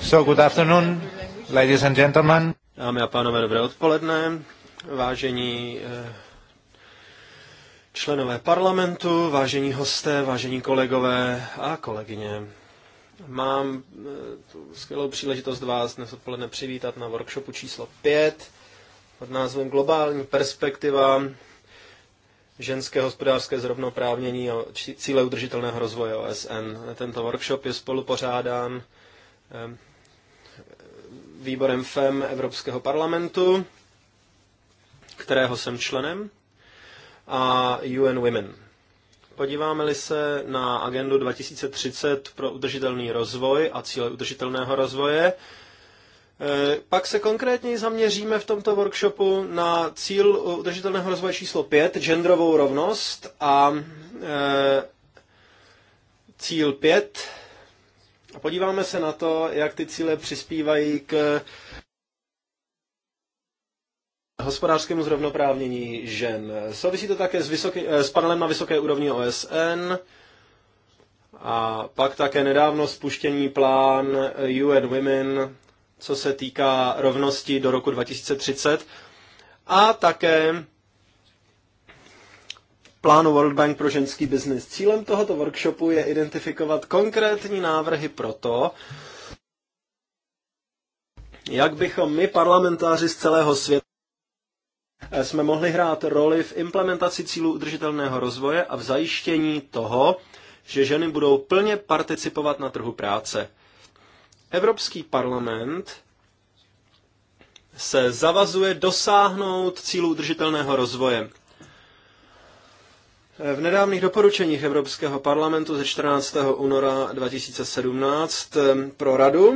So good afternoon, ladies and gentlemen. Dámy a pánové, dobré odpoledne. Vážení eh, členové parlamentu, vážení hosté, vážení kolegové a kolegyně. Mám eh, tu skvělou příležitost vás dnes odpoledne přivítat na workshopu číslo 5 pod názvem Globální perspektiva ženské hospodářské zrovnoprávnění a cíle udržitelného rozvoje OSN. Tento workshop je spolupořádán eh, výborem FEM Evropského parlamentu, kterého jsem členem, a UN Women. Podíváme-li se na agendu 2030 pro udržitelný rozvoj a cíle udržitelného rozvoje, Eh, pak se konkrétně zaměříme v tomto workshopu na cíl udržitelného rozvoje číslo 5, genderovou rovnost a eh, cíl 5. A podíváme se na to, jak ty cíle přispívají k hospodářskému zrovnoprávnění žen. Souvisí to také s, vysoký, eh, s panelem na vysoké úrovni OSN a pak také nedávno spuštěný plán UN Women co se týká rovnosti do roku 2030 a také plánu World Bank pro ženský biznis. Cílem tohoto workshopu je identifikovat konkrétní návrhy pro to, jak bychom my, parlamentáři z celého světa, jsme mohli hrát roli v implementaci cílů udržitelného rozvoje a v zajištění toho, že ženy budou plně participovat na trhu práce. Evropský parlament se zavazuje dosáhnout cílů udržitelného rozvoje. V nedávných doporučeních Evropského parlamentu ze 14. února 2017 eh, pro Radu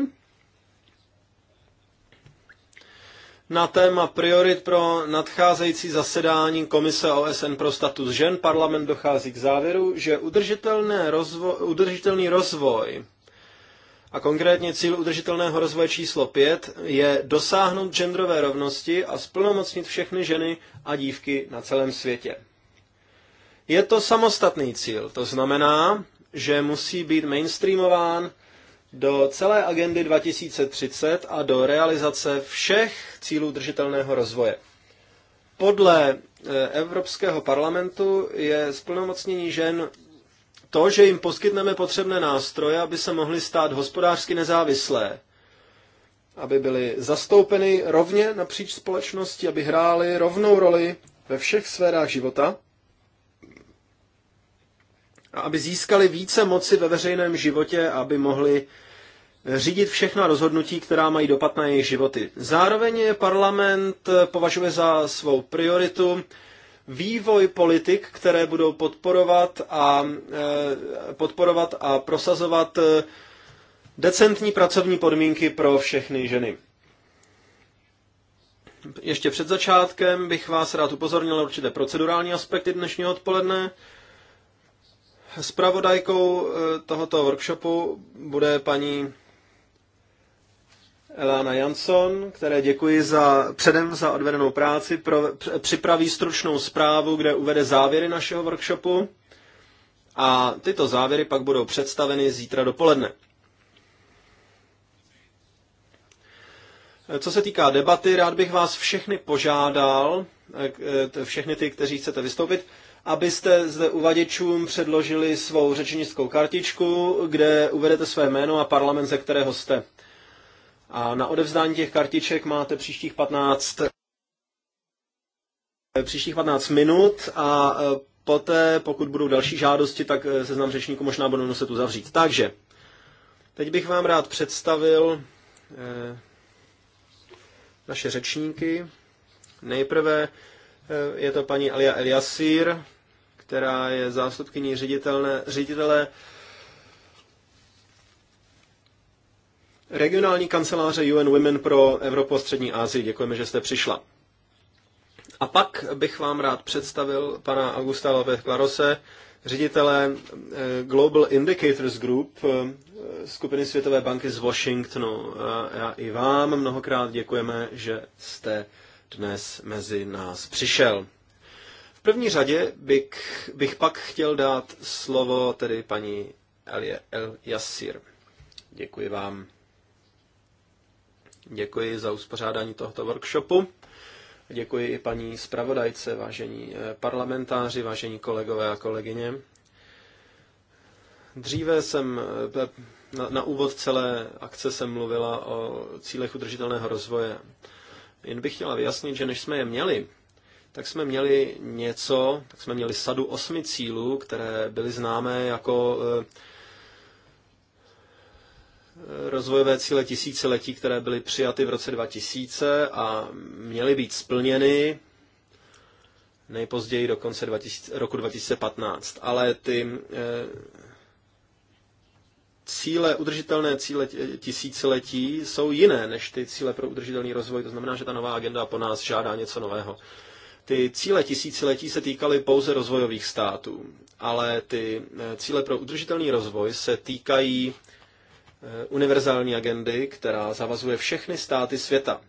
na téma priorit pro nadcházející zasedání Komise OSN pro status žen parlament dochází k závěru, že udržitelné rozvo- udržitelný rozvoj a konkrétně cíl udržitelného rozvoje číslo 5 je dosáhnout genderové rovnosti a splnomocnit všechny ženy a dívky na celém světě. Je to samostatný cíl, to znamená, že musí být mainstreamován do celé agendy 2030 a do realizace všech cílů držitelného rozvoje. Podle eh, Evropského parlamentu je splnomocnění žen to, že jim poskytneme potřebné nástroje, aby se mohly stát hospodářsky nezávislé, aby byly zastoupeny rovně napříč společnosti, aby hrály rovnou roli ve všech sférách života a aby získali více moci ve veřejném životě, aby mohli řídit všechna rozhodnutí, která mají dopad na jejich životy. Zároveň parlament považuje za svou prioritu vývoj politik, které budou podporovat a, e, podporovat a prosazovat e, decentní pracovní podmínky pro všechny ženy. Ještě před začátkem bych vás rád upozornil na určité procedurální aspekty dnešního odpoledne. Spravodajkou e, tohoto workshopu bude paní Elana Jansson, které děkuji za, předem za odvedenou práci, pro, připraví stručnou zprávu, kde uvede závěry našeho workshopu a tyto závěry pak budou představeny zítra dopoledne. Co se týká debaty, rád bych vás všechny požádal, eh, eh, všechny ty, kteří chcete vystoupit, abyste zde uvaděčům předložili svou řečnickou kartičku, kde uvedete své jméno a parlament, ze kterého jste. A na odevzdání těch kartiček máte příštích 15, eh, příštích 15 minut a eh, poté, pokud budou další žádosti, tak eh, seznam řečníků možná budou muset uzavřít. Takže, teď bych vám rád představil naše řečníky. Nejprve je to paní Alia Eliasir, která je zástupkyní ředitele Regionální kanceláře UN Women pro Evropu a Střední Asii, děkujeme, že jste přišla. A pak bych vám rád představil pana Augusta López Clarose, ředitele eh, Global Indicators Group, eh, skupiny Světové banky z Washingtonu. Já i vám mnohokrát děkujeme, že jste dnes mezi nás přišel. V první řadě bych, bych pak chtěl dát slovo tedy paní Elie El Yassir. Děkuji vám. Děkuji za uspořádání tohoto workshopu. Děkuji i paní zpravodajce, vážení eh, parlamentáři, vážení kolegové a kolegyně. Dříve jsem eh, na, na úvod celé akce jsem mluvila o cílech udržitelného rozvoje. Jen bych chtěla vyjasnit, že než jsme je měli, tak jsme měli něco, tak jsme měli sadu osmi cílů, které byly známé jako eh, rozvojové cíle tisíciletí, které byly přijaty v roce 2000 a měly být splněny nejpozději do konce 2000, roku 2015. Ale ty eh, cíle, udržitelné cíle tisíciletí jsou jiné než ty cíle pro udržitelný rozvoj. To znamená, že ta nová agenda po nás žádá něco nového. Ty cíle tisíciletí se týkaly pouze rozvojových států, ale ty eh, cíle pro udržitelný rozvoj se týkají Eh, univerzální agendy, která zavazuje všechny státy světa.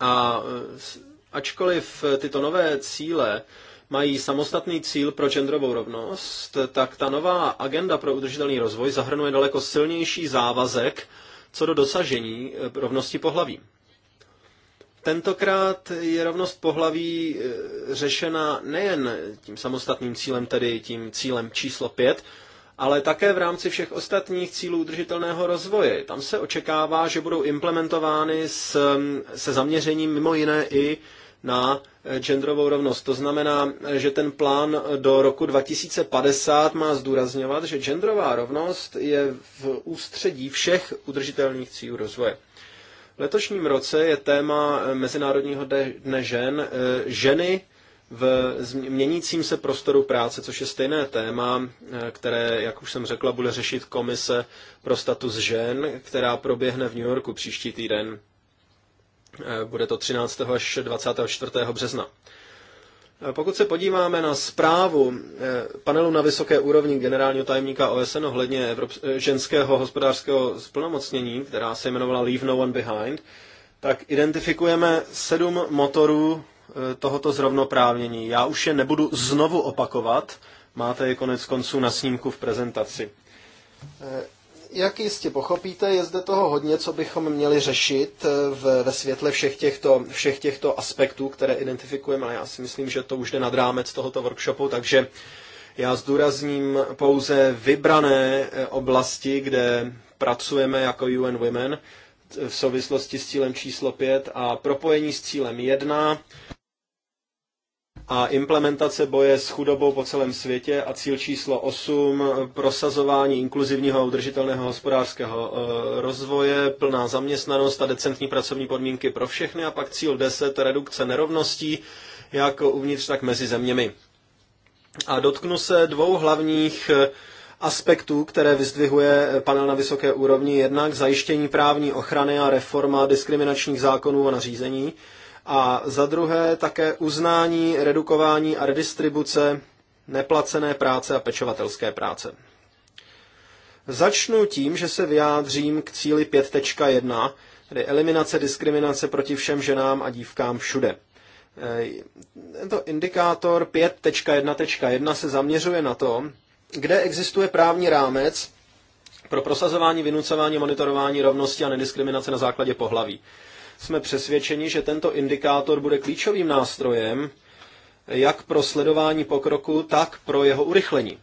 A eh, ačkoliv eh, tyto nové cíle mají samostatný cíl pro genderovou rovnost, tak ta nová agenda pro udržitelný rozvoj zahrnuje daleko silnější závazek co do dosažení rovnosti pohlaví. Tentokrát je rovnost pohlaví řešena nejen tím samostatným cílem, tedy tím cílem číslo 5, ale také v rámci všech ostatních cílů udržitelného rozvoje. Tam se očekává, že budou implementovány s, se zaměřením mimo jiné i na eh, genderovou rovnost. To znamená, eh, že ten plán do roku 2050 má zdůrazňovat, že genderová rovnost je v ústředí všech udržitelných cílů rozvoje. V letošním roce je téma eh, Mezinárodního dne žen ženy v měnícím se prostoru práce, což je stejné téma, eh, které, jak už jsem řekla, bude řešit komise pro status žen, která proběhne v New Yorku příští týden. Eh, bude to 13. až 24. března. Eh, pokud se podíváme na zprávu panelu na vysoké úrovni generálního tajemníka OSN ohledně Evrop- ženského hospodářského splnomocnění, která se jmenovala Leave No One Behind, tak identifikujeme sedm motorů Eh, tohoto zrovnoprávnění. Já už je nebudu znovu opakovat, máte je konec konců na snímku v prezentaci. Eh, jak jistě pochopíte, je zde toho hodně, co bychom měli řešit eh, v, ve světle všech těchto, všech těchto aspektů, které identifikujeme, ale já si myslím, že to už jde nad rámec tohoto workshopu, takže já zdůrazním pouze vybrané oblasti, kde pracujeme jako UN Women v souvislosti s cílem číslo 5 a propojení s cílem 1 a implementace boje s chudobou po celém světě a cíl číslo 8 prosazování inkluzivního a udržitelného hospodářského e, rozvoje, plná zaměstnanost a decentní pracovní podmínky pro všechny a pak cíl 10 redukce nerovností jak uvnitř, tak mezi zeměmi. A dotknu se dvou hlavních e, aspektů, které vyzdvihuje panel na vysoké úrovni, jednak zajištění právní ochrany a reforma diskriminačních zákonů a nařízení, a za druhé také uznání, redukování a redistribuce neplacené práce a pečovatelské práce. Začnu tím, že se vyjádřím k cíli 5.1, tedy eliminace diskriminace proti všem ženám a dívkám všude. E, tento indikátor 5.1.1 se zaměřuje na to, kde existuje právní rámec pro prosazování, vynucování, monitorování rovnosti a nediskriminace na základě pohlaví jsme přesvědčeni, že tento indikátor bude klíčovým nástrojem jak pro sledování pokroku, tak pro jeho urychlení.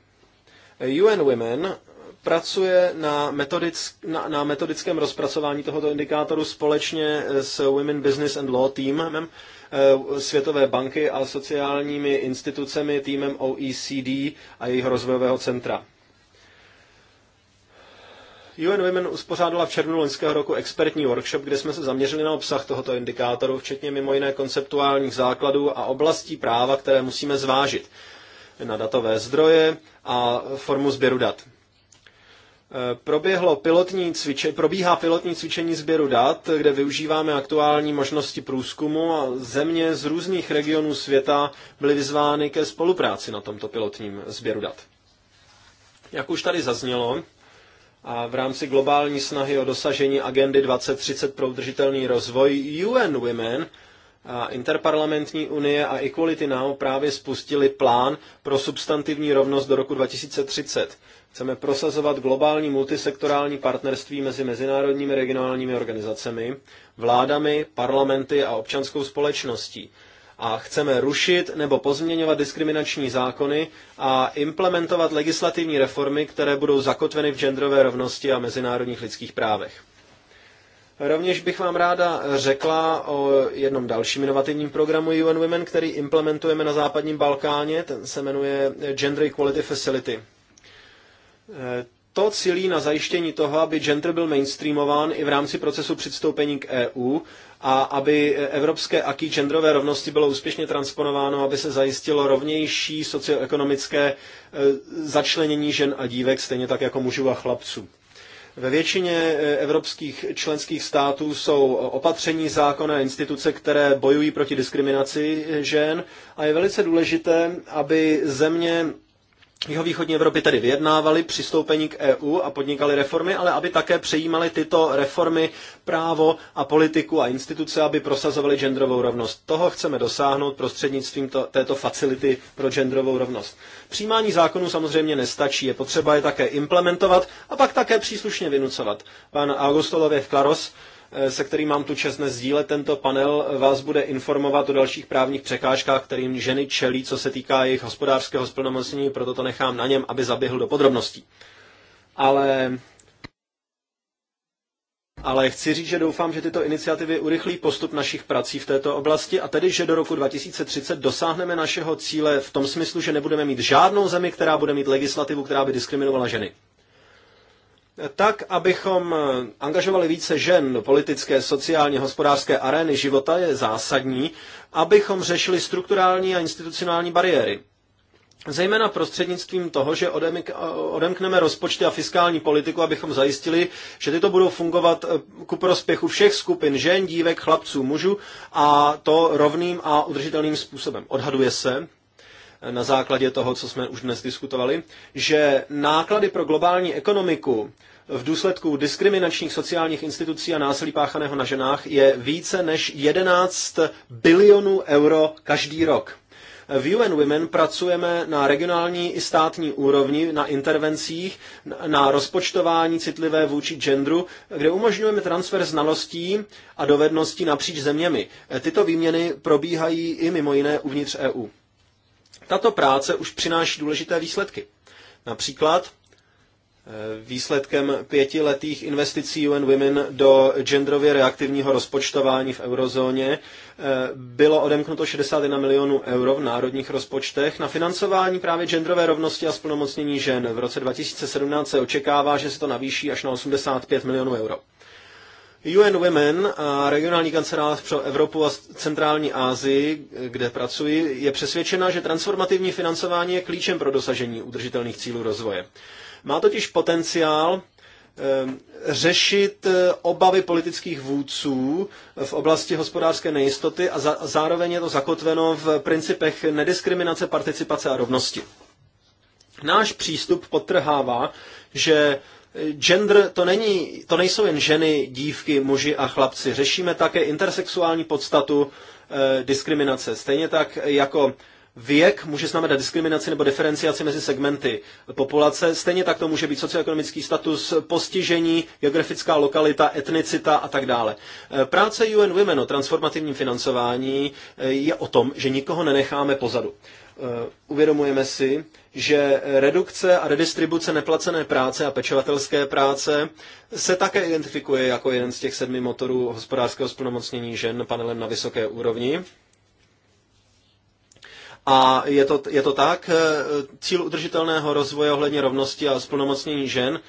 UN Women pracuje na, metodick, na, na metodickém rozpracování tohoto indikátoru společně s Women Business and Law týmem eh, Světové banky a sociálními institucemi, týmem OECD a jejich rozvojového centra. UN Women uspořádala v červnu loňského roku expertní workshop, kde jsme se zaměřili na obsah tohoto indikátoru, včetně mimo jiné konceptuálních základů a oblastí práva, které musíme zvážit na datové zdroje a formu sběru dat. E, proběhlo pilotní cviče, probíhá pilotní cvičení sběru dat, kde využíváme aktuální možnosti průzkumu a země z různých regionů světa byly vyzvány ke spolupráci na tomto pilotním sběru dat. Jak už tady zaznělo, a v rámci globální snahy o dosažení agendy 2030 pro udržitelný rozvoj UN Women a Interparlamentní unie a Equality Now právě spustili plán pro substantivní rovnost do roku 2030. Chceme prosazovat globální multisektorální partnerství mezi mezinárodními regionálními organizacemi, vládami, parlamenty a občanskou společností a chceme rušit nebo pozměňovat diskriminační zákony a implementovat legislativní reformy, které budou zakotveny v genderové rovnosti a mezinárodních lidských právech. Rovněž bych vám ráda řekla o jednom dalším inovativním programu UN Women, který implementujeme na západním Balkáně, ten se jmenuje Gender Equality Facility to cílí na zajištění toho, aby gender byl mainstreamován i v rámci procesu předstoupení k EU a aby evropské aký genderové rovnosti bylo úspěšně transponováno, aby se zajistilo rovnější socioekonomické e, začlenění žen a dívek, stejně tak jako mužů a chlapců. Ve většině e, evropských členských států jsou opatření zákona instituce, které bojují proti diskriminaci žen a je velice důležité, aby země jihovýchodní Evropy tedy vyjednávali přistoupení k EU a podnikali reformy, ale aby také přejímali tyto reformy právo a politiku a instituce, aby prosazovali genderovou rovnost. Toho chceme dosáhnout prostřednictvím to, této facility pro genderovou rovnost. Přijímání zákonů samozřejmě nestačí, je potřeba je také implementovat a pak také příslušně vynucovat. Pan Augusto Lověv Klaros Eh, se kterým mám tu čest dnes sdílet tento panel, vás bude informovat o dalších právních překážkách, kterým ženy čelí, co se týká jejich hospodářského splnomocnění, proto to nechám na něm, aby zaběhl do podrobností. Ale ale chci říct, že doufám, že tyto iniciativy urychlí postup našich prací v této oblasti a tedy, že do roku 2030 dosáhneme našeho cíle v tom smyslu, že nebudeme mít žádnou zemi, která bude mít legislativu, která by diskriminovala ženy tak, abychom eh, angažovali více žen do politické, sociální, hospodářské arény života, je zásadní, abychom řešili strukturální a institucionální bariéry. Zejména prostřednictvím toho, že odemkneme rozpočty a fiskální politiku, abychom zajistili, že tyto budou fungovat eh, ku prospěchu všech skupin žen, dívek, chlapců, mužů a to rovným a udržitelným způsobem. Odhaduje se, na základě toho, co jsme už dnes diskutovali, že náklady pro globální ekonomiku v důsledku diskriminačních sociálních institucí a násilí páchaného na ženách je více než 11 bilionů euro každý rok. V UN Women pracujeme na regionální i státní úrovni, na intervencích, na rozpočtování citlivé vůči genderu, kde umožňujeme transfer znalostí a dovedností napříč zeměmi. Tyto výměny probíhají i mimo jiné uvnitř EU. Tato práce už přináší důležité výsledky. Například eh, výsledkem pětiletých investicí UN Women do genderově reaktivního rozpočtování v eurozóně eh, bylo odemknuto 61 milionů euro v národních rozpočtech na financování právě genderové rovnosti a splnomocnění žen. V roce 2017 se očekává, že se to navýší až na 85 milionů euro. UN Women a regionální kancelář pro Evropu a centrální Asii, kde pracuji, je přesvědčena, že transformativní financování je klíčem pro dosažení udržitelných cílů rozvoje. Má totiž potenciál ehm, řešit e, obavy politických vůdců v oblasti hospodářské nejistoty a zároveň je to zakotveno v principech nediskriminace, participace a rovnosti. Náš přístup podtrhává, že Gender to, není, to nejsou jen ženy, dívky, muži a chlapci. Řešíme také intersexuální podstatu e, diskriminace. Stejně tak jako Věk může znamenat diskriminaci nebo diferenciaci mezi segmenty populace. Stejně tak to může být socioekonomický status, postižení, geografická lokalita, etnicita a tak dále. Eh, práce UN Women o transformativním financování eh, je o tom, že nikoho nenecháme pozadu. Eh, uvědomujeme si, že redukce a redistribuce neplacené práce a pečovatelské práce se také identifikuje jako jeden z těch sedmi motorů hospodářského splnomocnění žen panelem na vysoké úrovni. A je to, je to tak, eh, cíl udržitelného rozvoje ohledně rovnosti a splnomocnění žen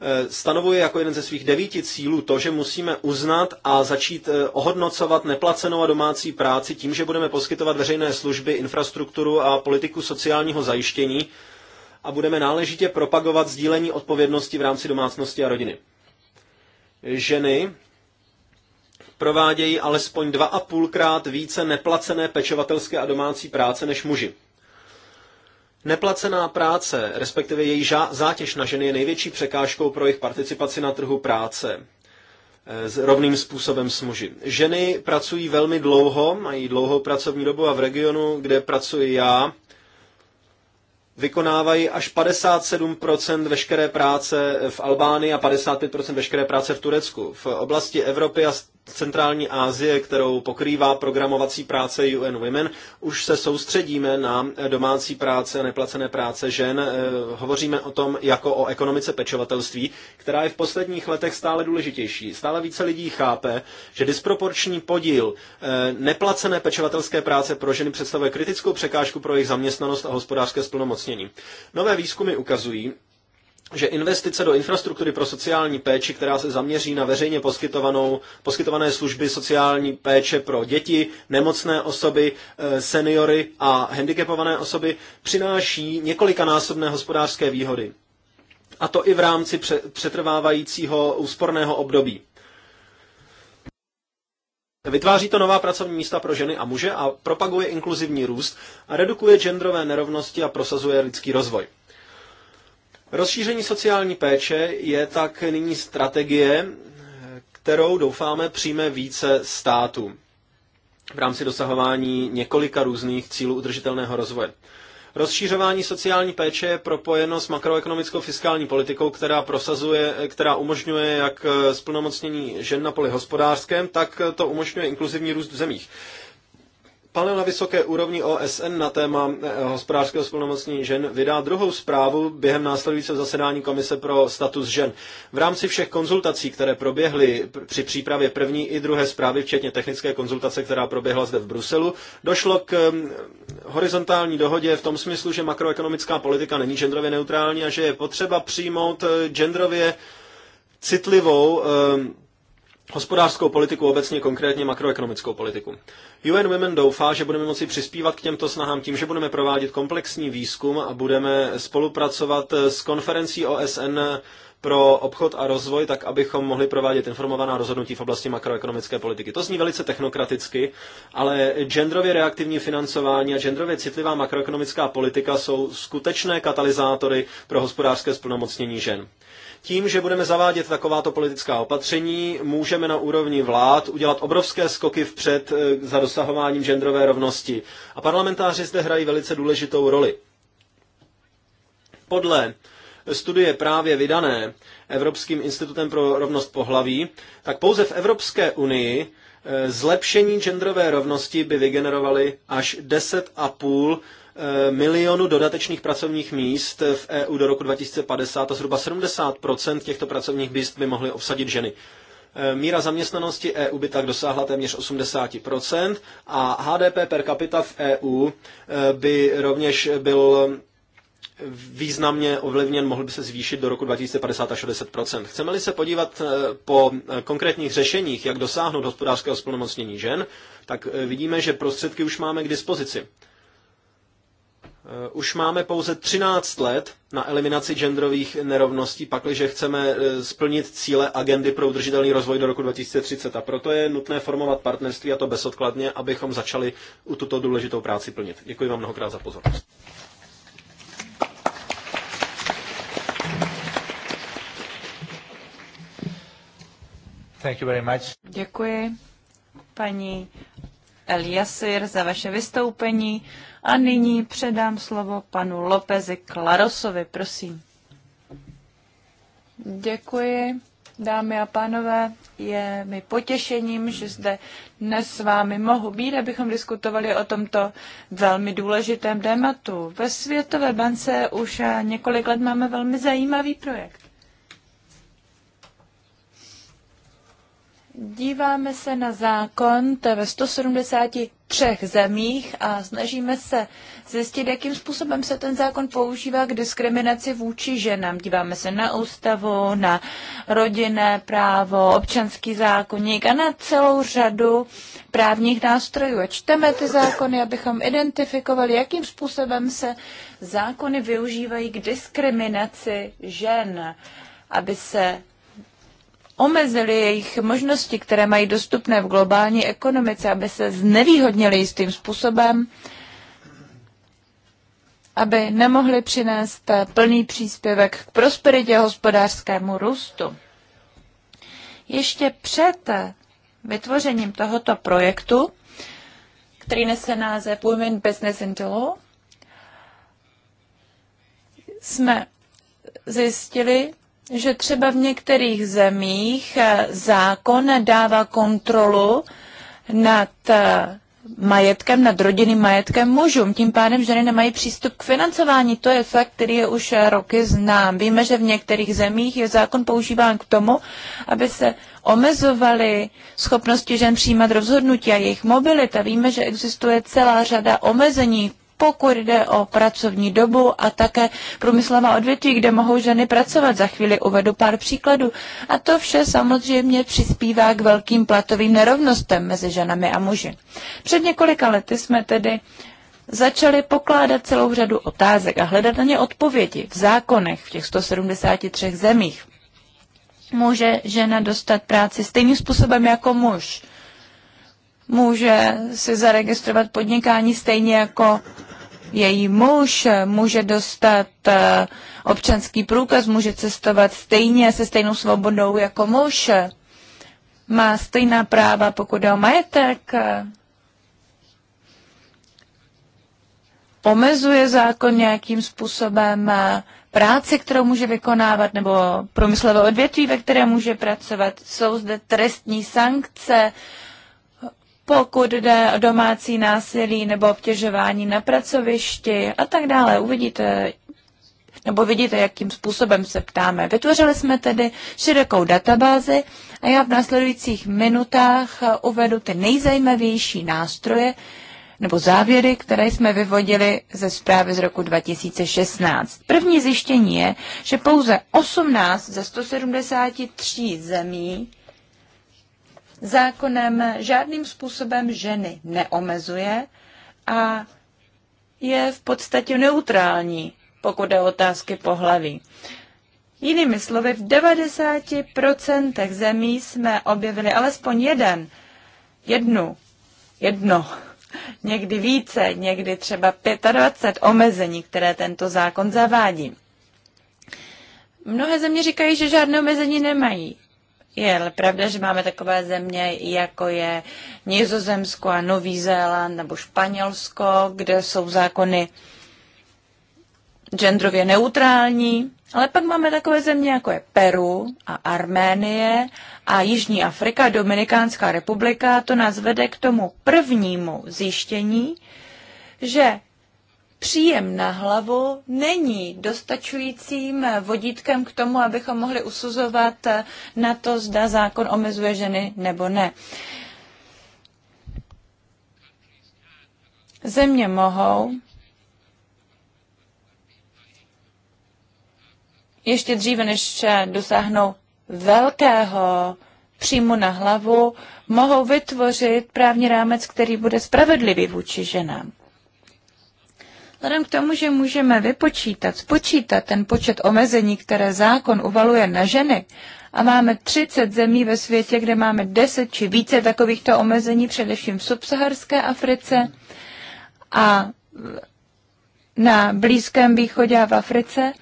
eh, stanovuje jako jeden ze svých devíti cílů to, že musíme uznat a začít eh, ohodnocovat neplacenou a domácí práci tím, že budeme poskytovat veřejné služby, infrastrukturu a politiku sociálního zajištění a budeme náležitě propagovat sdílení odpovědnosti v rámci domácnosti a rodiny. Ženy provádějí alespoň dva a půlkrát více neplacené pečovatelské a domácí práce než muži. Neplacená práce, respektive její zátěž na ženy, je největší překážkou pro jejich participaci na trhu práce eh, s rovným způsobem s muži. Ženy pracují velmi dlouho, mají dlouhou pracovní dobu a v regionu, kde pracuji já, vykonávají až 57% veškeré práce v Albánii a 55% veškeré práce v Turecku. V oblasti Evropy a centrální Asie, kterou pokrývá programovací práce UN Women, už se soustředíme na domácí práce a neplacené práce žen. Eh, hovoříme o tom jako o ekonomice pečovatelství, která je v posledních letech stále důležitější. Stále více lidí chápe, že disproporční podíl eh, neplacené pečovatelské práce pro ženy představuje kritickou překážku pro jejich zaměstnanost a hospodářské splnomocnění. Nové výzkumy ukazují, že investice do infrastruktury pro sociální péči, která se zaměří na veřejně poskytovanou, poskytované služby sociální péče pro děti, nemocné osoby, e, seniory a handicapované osoby, přináší několikanásobné hospodářské výhody. A to i v rámci přetrvávajícího úsporného období. Vytváří to nová pracovní místa pro ženy a muže a propaguje inkluzivní růst a redukuje genderové nerovnosti a prosazuje lidský rozvoj. Rozšíření sociální péče je tak nyní strategie, kterou doufáme přijme více států v rámci dosahování několika různých cílů udržitelného rozvoje. Rozšířování sociální péče je propojeno s makroekonomickou fiskální politikou, která, prosazuje, která umožňuje jak eh, splnomocnění žen na poli hospodářském, tak eh, to umožňuje inkluzivní růst v zemích. Panel na vysoké úrovni OSN na téma eh, hospodářského spolnomocní žen vydá druhou zprávu během následujícího zasedání Komise pro status žen. V rámci všech konzultací, které proběhly při přípravě první i druhé zprávy, včetně technické konzultace, která proběhla zde v Bruselu, došlo k hm, horizontální dohodě v tom smyslu, že makroekonomická politika není genderově neutrální a že je potřeba přijmout eh, genderově citlivou hm, hospodářskou politiku, obecně konkrétně makroekonomickou politiku. UN Women doufá, že budeme moci přispívat k těmto snahám tím, že budeme provádět komplexní výzkum a budeme spolupracovat s konferencí OSN pro obchod a rozvoj, tak abychom mohli provádět informovaná rozhodnutí v oblasti makroekonomické politiky. To zní velice technokraticky, ale genderově reaktivní financování a genderově citlivá makroekonomická politika jsou skutečné katalyzátory pro hospodářské splnomocnění žen. Tím, že budeme zavádět takováto politická opatření, můžeme na úrovni vlád udělat obrovské skoky vpřed eh, za dosahováním genderové rovnosti. A parlamentáři zde hrají velice důležitou roli. Podle studie právě vydané Evropským institutem pro rovnost pohlaví, tak pouze v Evropské unii eh, zlepšení genderové rovnosti by vygenerovaly až 10,5 Eh, milionu dodatečných pracovních míst v EU do roku 2050 a zhruba 70 těchto pracovních míst by mohly obsadit ženy. Eh, míra zaměstnanosti EU by tak dosáhla téměř 80% a HDP per capita v EU eh, by rovněž byl významně ovlivněn, mohl by se zvýšit do roku 2050 až 60 Chceme-li se podívat po konkrétních řešeních, jak dosáhnout hospodářského splnomocnění žen, tak vidíme, že prostředky už máme k dispozici. Eh, už máme pouze 13 let na eliminaci genderových nerovností, pakliže chceme eh, splnit cíle agendy pro udržitelný rozvoj do roku 2030. A proto je nutné formovat partnerství a to bezodkladně, abychom začali u tuto důležitou práci plnit. Děkuji vám mnohokrát za pozornost. Thank you very much. Děkuji, paní El Jasir za vaše vystoupení a nyní předám slovo panu Lopezi Klarosovi, prosím. Děkuji, dámy a pánové. Je mi potěšením, že zde dnes s vámi mohu být, abychom diskutovali o tomto velmi důležitém tématu. Ve Světové bance už několik let máme velmi zajímavý projekt. Díváme se na zákon ve 173 zemích a snažíme se zjistit, jakým způsobem se ten zákon používá k diskriminaci vůči ženám. Díváme se na ústavu, na rodinné právo, občanský zákonník a na celou řadu právních nástrojů. A čteme ty zákony, abychom identifikovali, jakým způsobem se zákony využívají k diskriminaci žen, aby se omezili jejich možnosti, které mají dostupné v globální ekonomice, aby se znevýhodnili jistým způsobem, aby nemohli přinést plný příspěvek k prosperitě hospodářskému růstu. Ještě před vytvořením tohoto projektu, který nese název Women Business into Law, jsme zjistili, že třeba v některých zemích eh, zákon dává kontrolu nad eh, majetkem, nad rodinným majetkem mužům. Tím pádem ženy nemají přístup k financování. To je fakt, který je už eh, roky znám. Víme, že v některých zemích je zákon používán k tomu, aby se omezovaly schopnosti žen přijímat rozhodnutí a jejich mobilita. Víme, že existuje celá řada omezení pokud jde o pracovní dobu a také průmyslová odvětví, kde mohou ženy pracovat. Za chvíli uvedu pár příkladů. A to vše samozřejmě přispívá k velkým platovým nerovnostem mezi ženami a muži. Před několika lety jsme tedy začali pokládat celou řadu otázek a hledat na ně odpovědi v zákonech v těch 173 zemích. Může žena dostat práci stejným způsobem jako muž? může si zaregistrovat podnikání stejně jako její muž, může dostat eh, občanský průkaz, může cestovat stejně se stejnou svobodou jako muž, má stejná práva, pokud je o majetek, omezuje zákon nějakým způsobem eh, práci, kterou může vykonávat, nebo průmyslové odvětví, ve které může pracovat. Jsou zde trestní sankce, pokud jde o domácí násilí nebo obtěžování na pracovišti a tak dále. Uvidíte, nebo vidíte, jakým způsobem se ptáme. Vytvořili jsme tedy širokou databázi a já v následujících minutách uvedu ty nejzajímavější nástroje nebo závěry, které jsme vyvodili ze zprávy z roku 2016. První zjištění je, že pouze 18 ze 173 zemí Zákonem žádným způsobem ženy neomezuje a je v podstatě neutrální, pokud je otázky pohlaví. Jinými slovy, v 90% zemí jsme objevili alespoň jeden, jednu, jedno, někdy více, někdy třeba 25 omezení, které tento zákon zavádí. Mnohé země říkají, že žádné omezení nemají. Je ale pravda, že máme takové země, jako je Nizozemsko a Nový Zéland nebo Španělsko, kde jsou zákony genderově neutrální, ale pak máme takové země, jako je Peru a Arménie a Jižní Afrika, Dominikánská republika. To nás vede k tomu prvnímu zjištění, že příjem na hlavu není dostačujícím vodítkem k tomu, abychom mohli usuzovat na to, zda zákon omezuje ženy nebo ne. Země mohou ještě dříve, než dosáhnou velkého příjmu na hlavu, mohou vytvořit právní rámec, který bude spravedlivý vůči ženám. Vzhledem k tomu, že můžeme vypočítat, spočítat ten počet omezení, které zákon uvaluje na ženy, a máme 30 zemí ve světě, kde máme 10 či více takovýchto omezení, především v subsaharské Africe a na Blízkém východě a v Africe,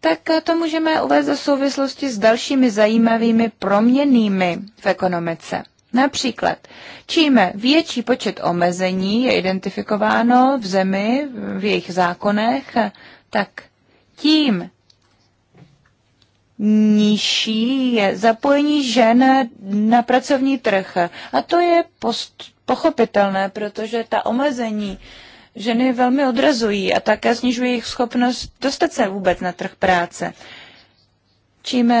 tak to můžeme uvést do souvislosti s dalšími zajímavými proměnými v ekonomice. Například, čím větší počet omezení je identifikováno v zemi, v jejich zákonech, tak tím nižší je zapojení žen na pracovní trh. A to je post, pochopitelné, protože ta omezení ženy velmi odrazují a také snižují jejich schopnost dostat se vůbec na trh práce. Čím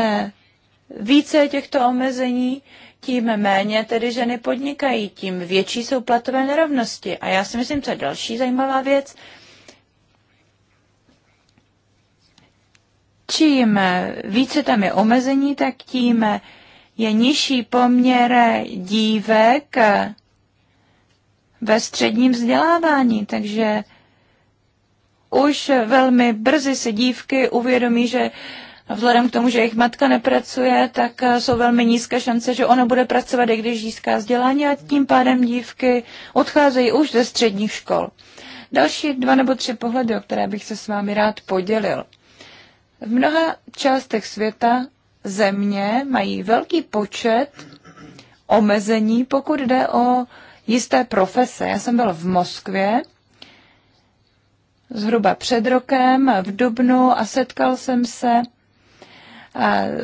více těchto omezení tím méně tedy ženy podnikají, tím větší jsou platové nerovnosti. A já si myslím, co je další zajímavá věc, čím více tam je omezení, tak tím je nižší poměr dívek ve středním vzdělávání. Takže už velmi brzy se dívky uvědomí, že Vzhledem k tomu, že jejich matka nepracuje, tak eh, jsou velmi nízké šance, že ona bude pracovat, i když získá vzdělání a tím pádem dívky odcházejí už ze středních škol. Další dva nebo tři pohledy, o které bych se s vámi rád podělil. V mnoha částech světa země mají velký počet omezení, pokud jde o jisté profese. Já jsem byl v Moskvě zhruba před rokem v Dubnu a setkal jsem se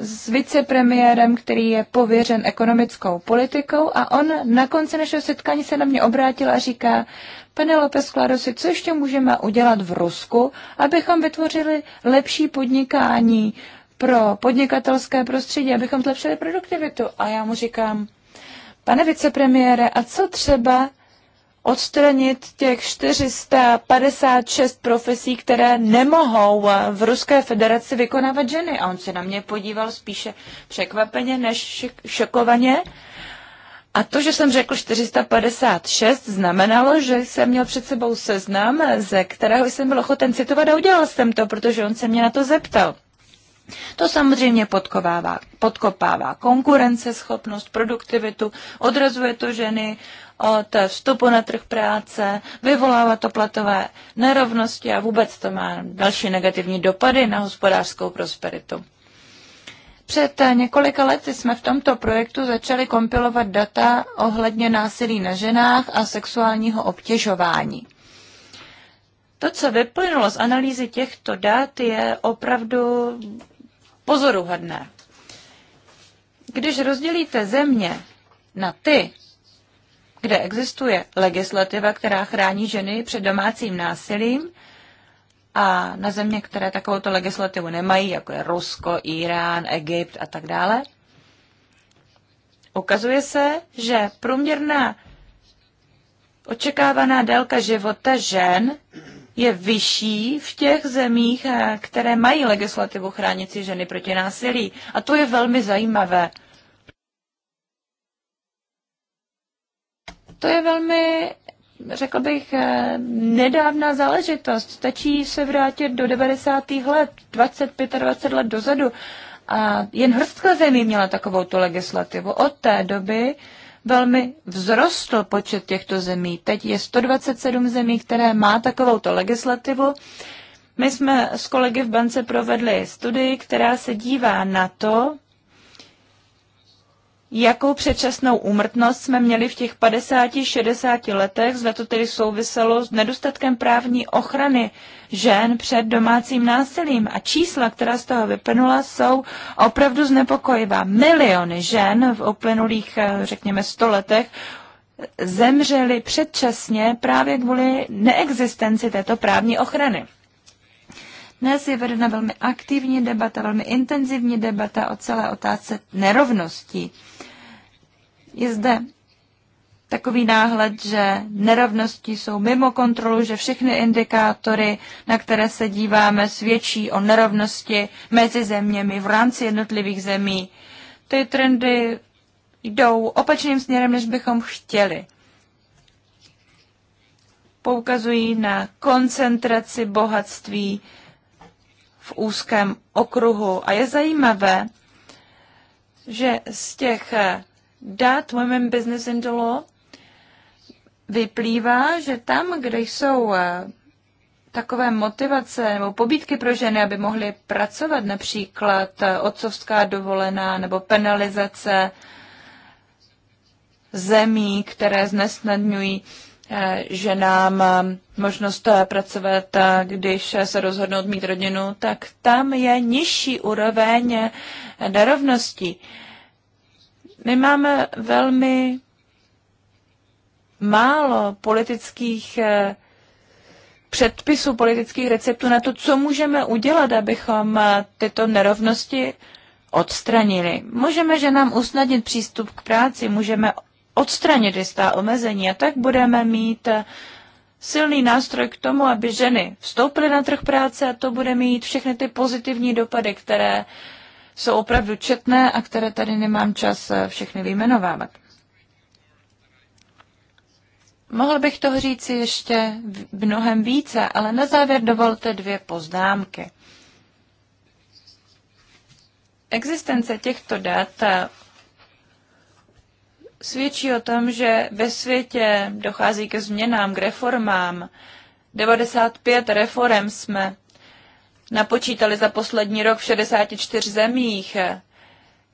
s vicepremiérem, který je pověřen ekonomickou politikou a on na konci našeho setkání se na mě obrátil a říká, pane López Klarosi, co ještě můžeme udělat v Rusku, abychom vytvořili lepší podnikání pro podnikatelské prostředí, abychom zlepšili produktivitu. A já mu říkám, pane vicepremiére, a co třeba odstranit těch 456 profesí, které nemohou eh, v Ruské federaci vykonávat ženy. A on se na mě podíval spíše překvapeně než šokovaně. A to, že jsem řekl 456, znamenalo, že jsem měl před sebou seznam, ze kterého jsem byl ochoten citovat a udělal jsem to, protože on se mě na to zeptal. To samozřejmě podkopává konkurenceschopnost, produktivitu, odrazuje to ženy od vstupu na trh práce, vyvolává to platové nerovnosti a vůbec to má další negativní dopady na hospodářskou prosperitu. Před několika lety jsme v tomto projektu začali kompilovat data ohledně násilí na ženách a sexuálního obtěžování. To, co vyplynulo z analýzy těchto dat, je opravdu pozoruhodné. Když rozdělíte země na ty, kde existuje legislativa, která chrání ženy před domácím násilím a na země, které takovouto legislativu nemají, jako je Rusko, Irán, Egypt a tak dále, ukazuje se, že průměrná očekávaná délka života žen je vyšší v těch zemích, eh, které mají legislativu chránící ženy proti násilí. A to je velmi zajímavé. To je velmi, řekl bych, eh, nedávná záležitost. Stačí se vrátit do 90. let, 25 20 let dozadu. A jen hrstka zemí měla takovou tu legislativu. Od té doby velmi vzrostl počet těchto zemí. Teď je 127 zemí, které má takovouto legislativu. My jsme s kolegy v bance provedli studii, která se dívá na to, jakou předčasnou úmrtnost jsme měli v těch 50-60 letech, zda to tedy souviselo s nedostatkem právní ochrany žen před domácím násilím. A čísla, která z toho vyplnula, jsou opravdu znepokojivá. Miliony žen v uplynulých, eh, řekněme, 100 letech zemřely předčasně právě kvůli neexistenci této právní ochrany. Dnes je vedena velmi aktivní debata, velmi intenzivní debata o celé otázce nerovností. Je zde takový náhled, že nerovnosti jsou mimo kontrolu, že všechny indikátory, na které se díváme, svědčí o nerovnosti mezi zeměmi v rámci jednotlivých zemí. Ty trendy jdou opačným směrem, než bychom chtěli. Poukazují na koncentraci bohatství v úzkém okruhu. A je zajímavé, že z těch eh, dat Women Business in the Law vyplývá, že tam, kde jsou eh, takové motivace nebo pobídky pro ženy, aby mohly pracovat, například eh, otcovská dovolená nebo penalizace zemí, které znesnadňují Eh, že nám eh, možnost eh, pracovat, když se rozhodnou mít rodinu, tak tam je nižší úroveň nerovnosti. My máme velmi málo politických předpisů, politických receptů na to, co můžeme udělat, abychom tyto nerovnosti odstranili. Můžeme že nám usnadnit přístup k práci, můžeme odstranit jistá omezení a tak budeme mít silný nástroj k tomu, aby ženy vstoupily na trh práce a to bude mít všechny ty pozitivní dopady, které jsou opravdu četné a které tady nemám čas eh, všechny vyjmenovávat. Mohl bych toho říci ještě mnohem více, ale na závěr dovolte dvě poznámky. Existence těchto dat svědčí o tom, že ve světě dochází ke změnám, k reformám. 95 reform jsme napočítali za poslední rok v 64 zemích.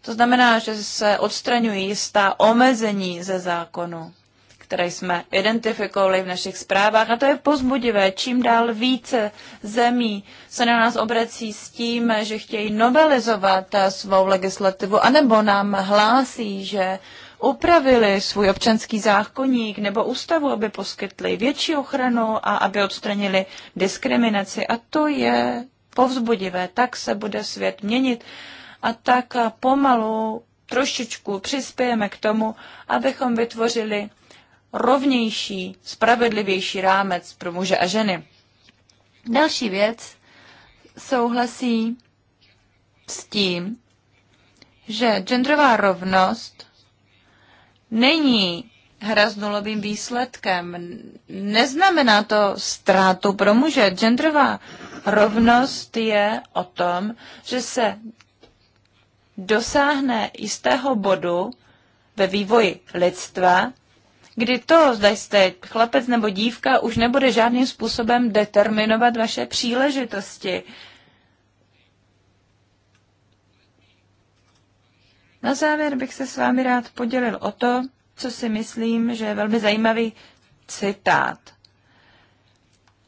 To znamená, že se odstraňují jistá omezení ze zákonu, které jsme identifikovali v našich zprávách. A to je pozbudivé. Čím dál více zemí se na nás obrací s tím, že chtějí novelizovat svou legislativu, anebo nám hlásí, že upravili svůj občanský zákonník nebo ústavu, aby poskytli větší ochranu a aby odstranili diskriminaci. A to je povzbudivé. Tak se bude svět měnit a tak pomalu trošičku přispějeme k tomu, abychom vytvořili rovnější, spravedlivější rámec pro muže a ženy. Další věc souhlasí s tím, že genderová rovnost není hra s nulovým výsledkem. Neznamená to ztrátu pro muže. Genderová rovnost je o tom, že se dosáhne jistého bodu ve vývoji lidstva, kdy to, zda jste chlapec nebo dívka, už nebude žádným způsobem determinovat vaše příležitosti. Na závěr bych se s vámi rád podělil o to, co si myslím, že je velmi zajímavý citát.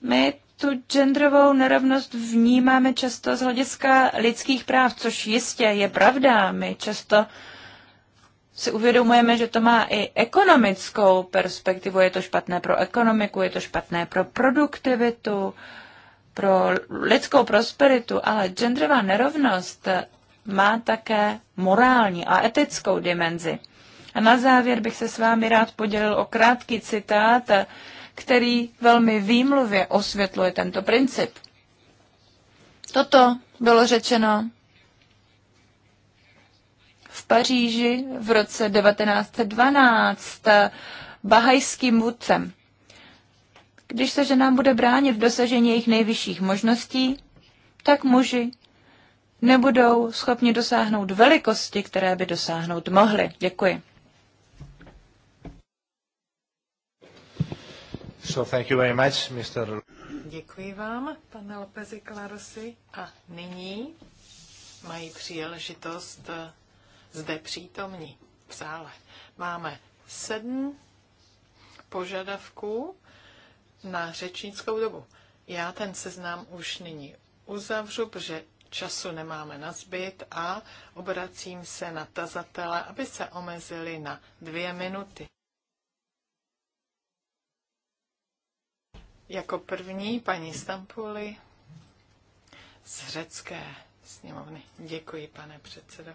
My tu genderovou nerovnost vnímáme často z hlediska lidských práv, což jistě je pravda. My často si uvědomujeme, že to má i ekonomickou perspektivu. Je to špatné pro ekonomiku, je to špatné pro produktivitu, pro lidskou prosperitu, ale genderová nerovnost má také morální a etickou dimenzi. A na závěr bych se s vámi rád podělil o krátký citát, který velmi výmluvě osvětluje tento princip. Toto bylo řečeno v Paříži v roce 1912 bahajským vůdcem. Když se ženám bude bránit v dosažení jejich nejvyšších možností, tak muži nebudou schopni dosáhnout velikosti, které by dosáhnout mohli. Děkuji. So thank you very much, Mr. Děkuji vám, pane Lopezi Klarosi. A nyní mají příležitost eh, zde přítomní v sále. Máme sedm požadavků na řečnickou dobu. Já ten seznam už nyní uzavřu, protože času nemáme na zbyt a obracím se na tazatele, aby se omezili na dvě minuty. Jako první paní Stampuli z řecké sněmovny. Děkuji, pane předsedo.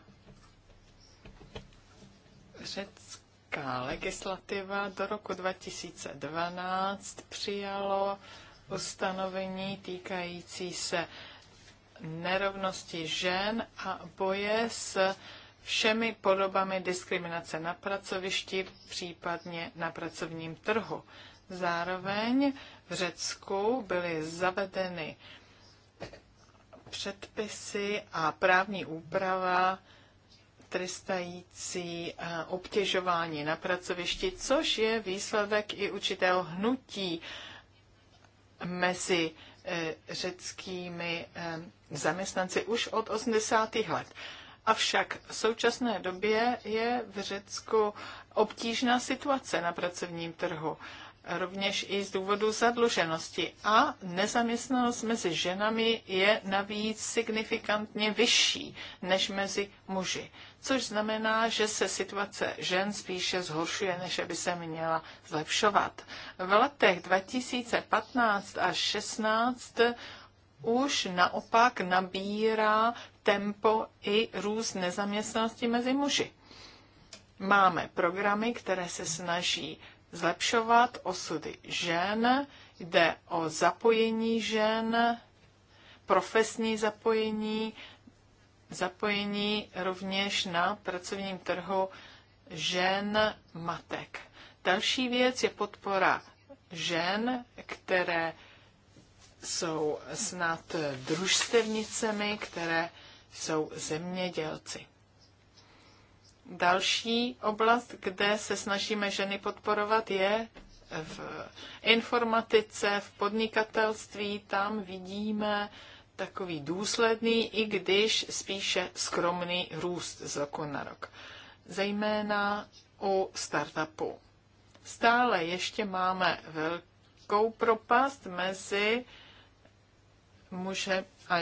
Řecká legislativa do roku 2012 přijalo ustanovení týkající se nerovnosti žen a boje s všemi podobami diskriminace na pracovišti, případně na pracovním trhu. Zároveň v Řecku byly zavedeny předpisy a právní úprava trestající eh, obtěžování na pracovišti, což je výsledek i určitého hnutí mezi Eh, řeckými eh, zaměstnanci už od 80. let. Avšak v současné době je v Řecku obtížná situace na pracovním trhu rovněž i z důvodu zadluženosti. A nezaměstnanost mezi ženami je navíc signifikantně vyšší než mezi muži, což znamená, že se situace žen spíše zhoršuje, než aby se měla zlepšovat. V letech 2015 až 16 už naopak nabírá tempo i růst nezaměstnanosti mezi muži. Máme programy, které se snaží zlepšovat osudy žen, jde o zapojení žen, profesní zapojení, zapojení rovněž na pracovním trhu žen matek. Další věc je podpora žen, které jsou snad družstevnicemi, které jsou zemědělci. Další oblast, kde se snažíme ženy podporovat, je v informatice, v podnikatelství. Tam vidíme takový důsledný, i když spíše skromný růst z roku na rok. Zejména u startupu. Stále ještě máme velkou propast mezi muže a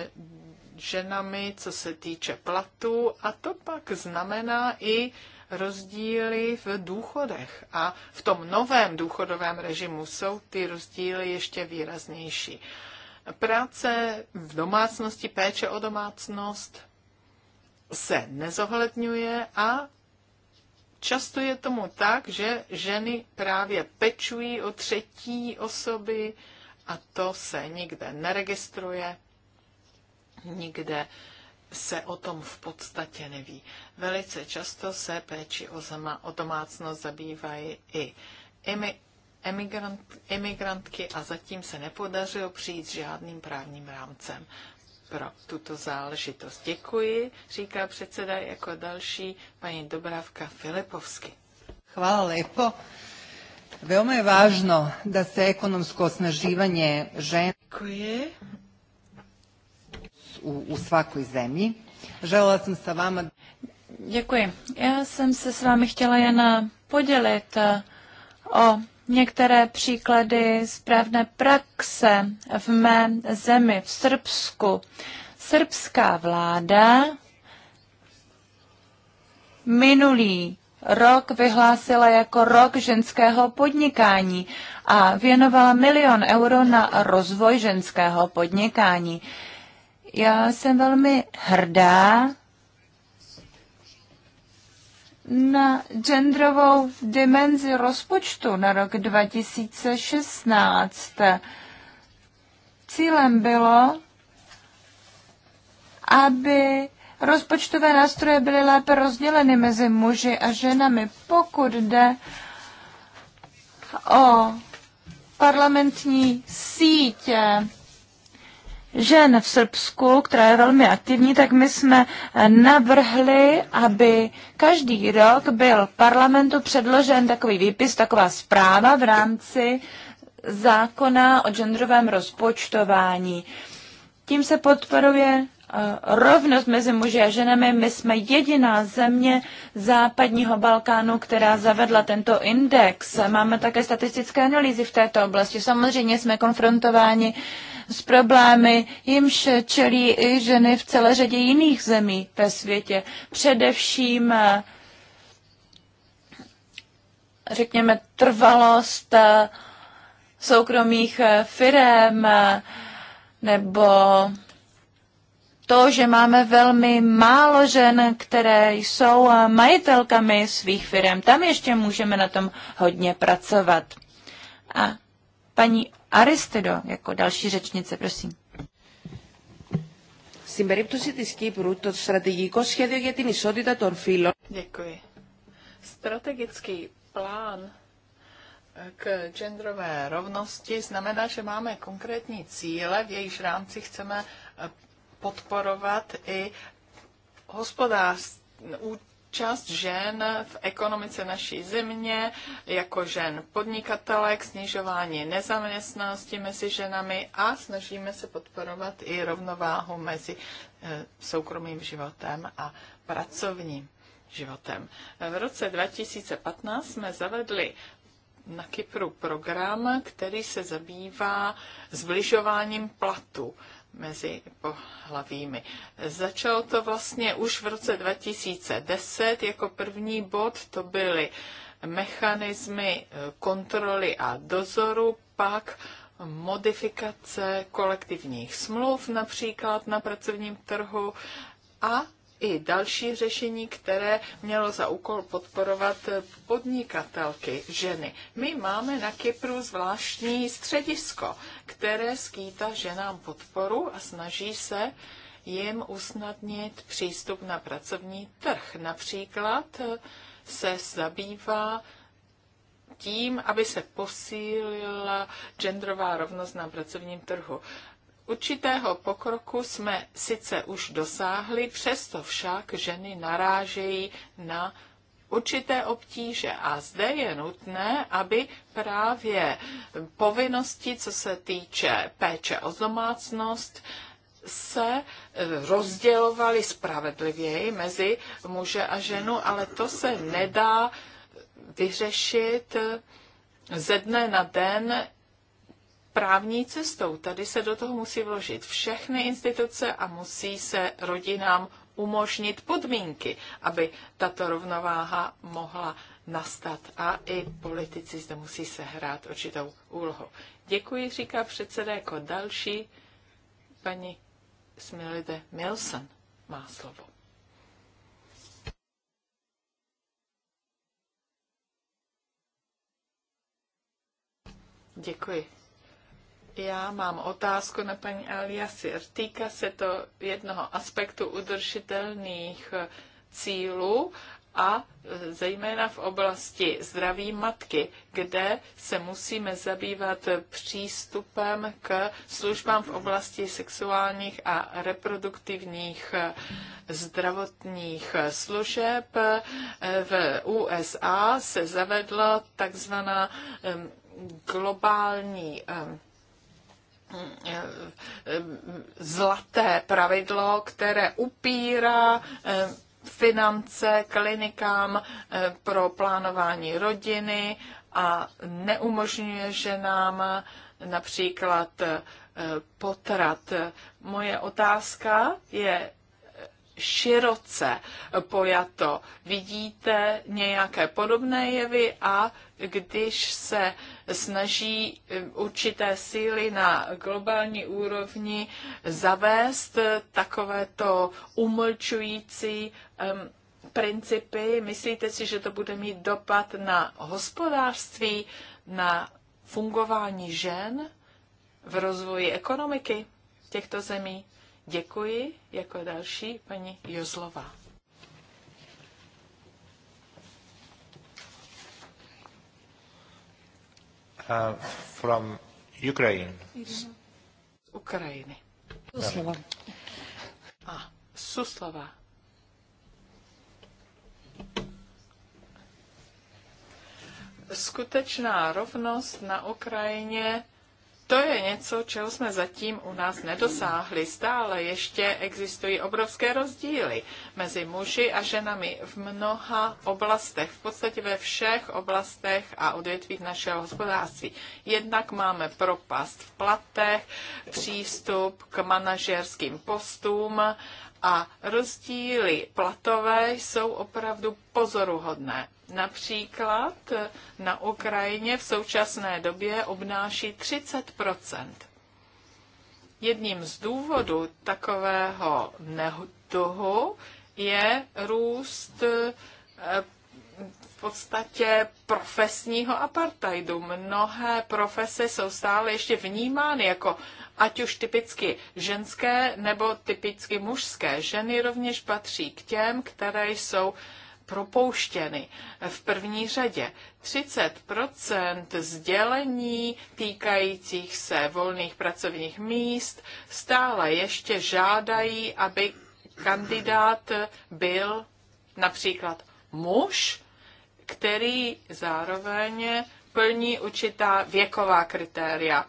ženami, co se týče platů a to pak znamená i rozdíly v důchodech. A v tom novém důchodovém režimu jsou ty rozdíly ještě výraznější. Práce v domácnosti, péče o domácnost se nezohledňuje a často je tomu tak, že ženy právě pečují o třetí osoby a to se nikde neregistruje nikde se o tom v podstatě neví. Velice často se péči o, zama, o domácnost zabývají i emigrant, emigrantky a zatím se nepodařilo přijít s žádným právním rámcem pro tuto záležitost. Děkuji, říká předseda jako další paní Dobrávka Filipovsky. Hvala lepo. Veoma je važno da se ekonomsko osnaživanje žen. Děkuji u, u svakoj zemlji. Želela jsem sa vama... Děkuji. Já jsem se s vámi chtěla jen eh, podělit eh, o některé příklady správné praxe v mé zemi, v Srbsku. Srbská vláda minulý rok vyhlásila jako rok ženského podnikání a věnovala milion euro na rozvoj ženského podnikání. Já jsem velmi hrdá na genderovou dimenzi rozpočtu na rok 2016. Cílem bylo, aby rozpočtové nástroje byly lépe rozděleny mezi muži a ženami. Pokud jde o parlamentní sítě žen v Srbsku, která je velmi aktivní, tak my jsme eh, navrhli, aby každý rok byl parlamentu předložen takový výpis, taková zpráva v rámci zákona o genderovém rozpočtování. Tím se podporuje Eh, rovnost mezi muži a ženami. My jsme jediná země západního Balkánu, která zavedla tento index. Máme také statistické analýzy v této oblasti. Samozřejmě jsme konfrontováni s problémy, jimž čelí i ženy v celé řadě jiných zemí ve světě. Především eh, řekněme, trvalost eh, soukromých firm nebo to, že máme velmi málo žen, které jsou eh, majitelkami svých firm. Tam ještě můžeme na tom hodně pracovat. A paní Aristido, jako další řečnice, prosím. Στην περίπτωση της Κύπρου, το στρατηγικό σχέδιο για την ισότητα των φύλων... Děkuji. Strategický plán eh, k genderové rovnosti znamená, že máme konkrétní cíle, v jejich rámci chceme eh, podporovat i hospodářství, účast žen v ekonomice naší země, jako žen podnikatelek, snižování nezaměstnanosti mezi ženami a snažíme se podporovat i rovnováhu mezi eh, soukromým životem a pracovním životem. V roce 2015 jsme zavedli na Kypru program, který se zabývá zbližováním platu mezi pohlavími. Začalo to vlastně už v roce 2010 jako první bod, to byly mechanismy eh, kontroly a dozoru, pak modifikace kolektivních smluv například na pracovním trhu a i další řešení, které mělo za úkol podporovat podnikatelky, ženy. My máme na Kypru zvláštní středisko, které skýtá ženám podporu a snaží se jim usnadnit přístup na pracovní trh. Například se zabývá tím, aby se posílila genderová rovnost na pracovním trhu. Určitého pokroku jsme sice už dosáhli, přesto však ženy narážejí na určité obtíže. A zde je nutné, aby právě povinnosti, co se týče péče o domácnost, se eh, rozdělovaly spravedlivěji mezi muže a ženu, ale to se nedá vyřešit eh, ze dne na den právní cestou. Tady se do toho musí vložit všechny instituce a musí se rodinám umožnit podmínky, aby tato rovnováha mohla nastat. A i politici zde musí se hrát určitou úlohu. Děkuji, říká předseda jako další. Paní Smilide Milson má slovo. Děkuji. Já mám otázku na paní Aliasir. Týká se to jednoho aspektu udržitelných eh, cílů a eh, zejména v oblasti zdraví matky, kde se musíme zabývat eh, přístupem k službám v oblasti sexuálních a reproduktivních zdravotních služeb. V USA se zavedla takzvaná globální zlaté pravidlo, které upírá eh, finance klinikám eh, pro plánování rodiny a neumožňuje ženám eh, například potrat. Moje otázka je, široce pojato. Vidíte nějaké podobné jevy a když se snaží um, určité síly na globální úrovni zavést eh, takovéto umlčující um, principy, myslíte si, že to bude mít dopad na hospodářství, na fungování žen v rozvoji ekonomiky těchto zemí? Děkuji. Jako další paní Jozlova. Uh, from Ukraine. Z Ukrajiny. Suslova. A, Suslova. Skutečná rovnost na Ukrajině to je něco, čeho jsme zatím u nás nedosáhli. Stále ještě existují obrovské rozdíly mezi muži a ženami v mnoha oblastech, v podstatě ve všech oblastech a odvětvích našeho hospodářství. Jednak máme propast v platech, přístup k manažerským postům a rozdíly platové jsou opravdu pozoruhodné například na Ukrajině v současné době obnáší 30 Jedním z důvodů takového nehodu je růst eh, v podstatě profesního apartheidu. Mnohé profese jsou stále ještě vnímány jako ať už typicky ženské nebo typicky mužské. Ženy rovněž patří k těm, které jsou uh, propouštěny. V první řadě 30 sdělení týkajících se volných pracovních míst stále ještě žádají, aby kandidát byl například muž, který zároveň plní určitá věková kritéria.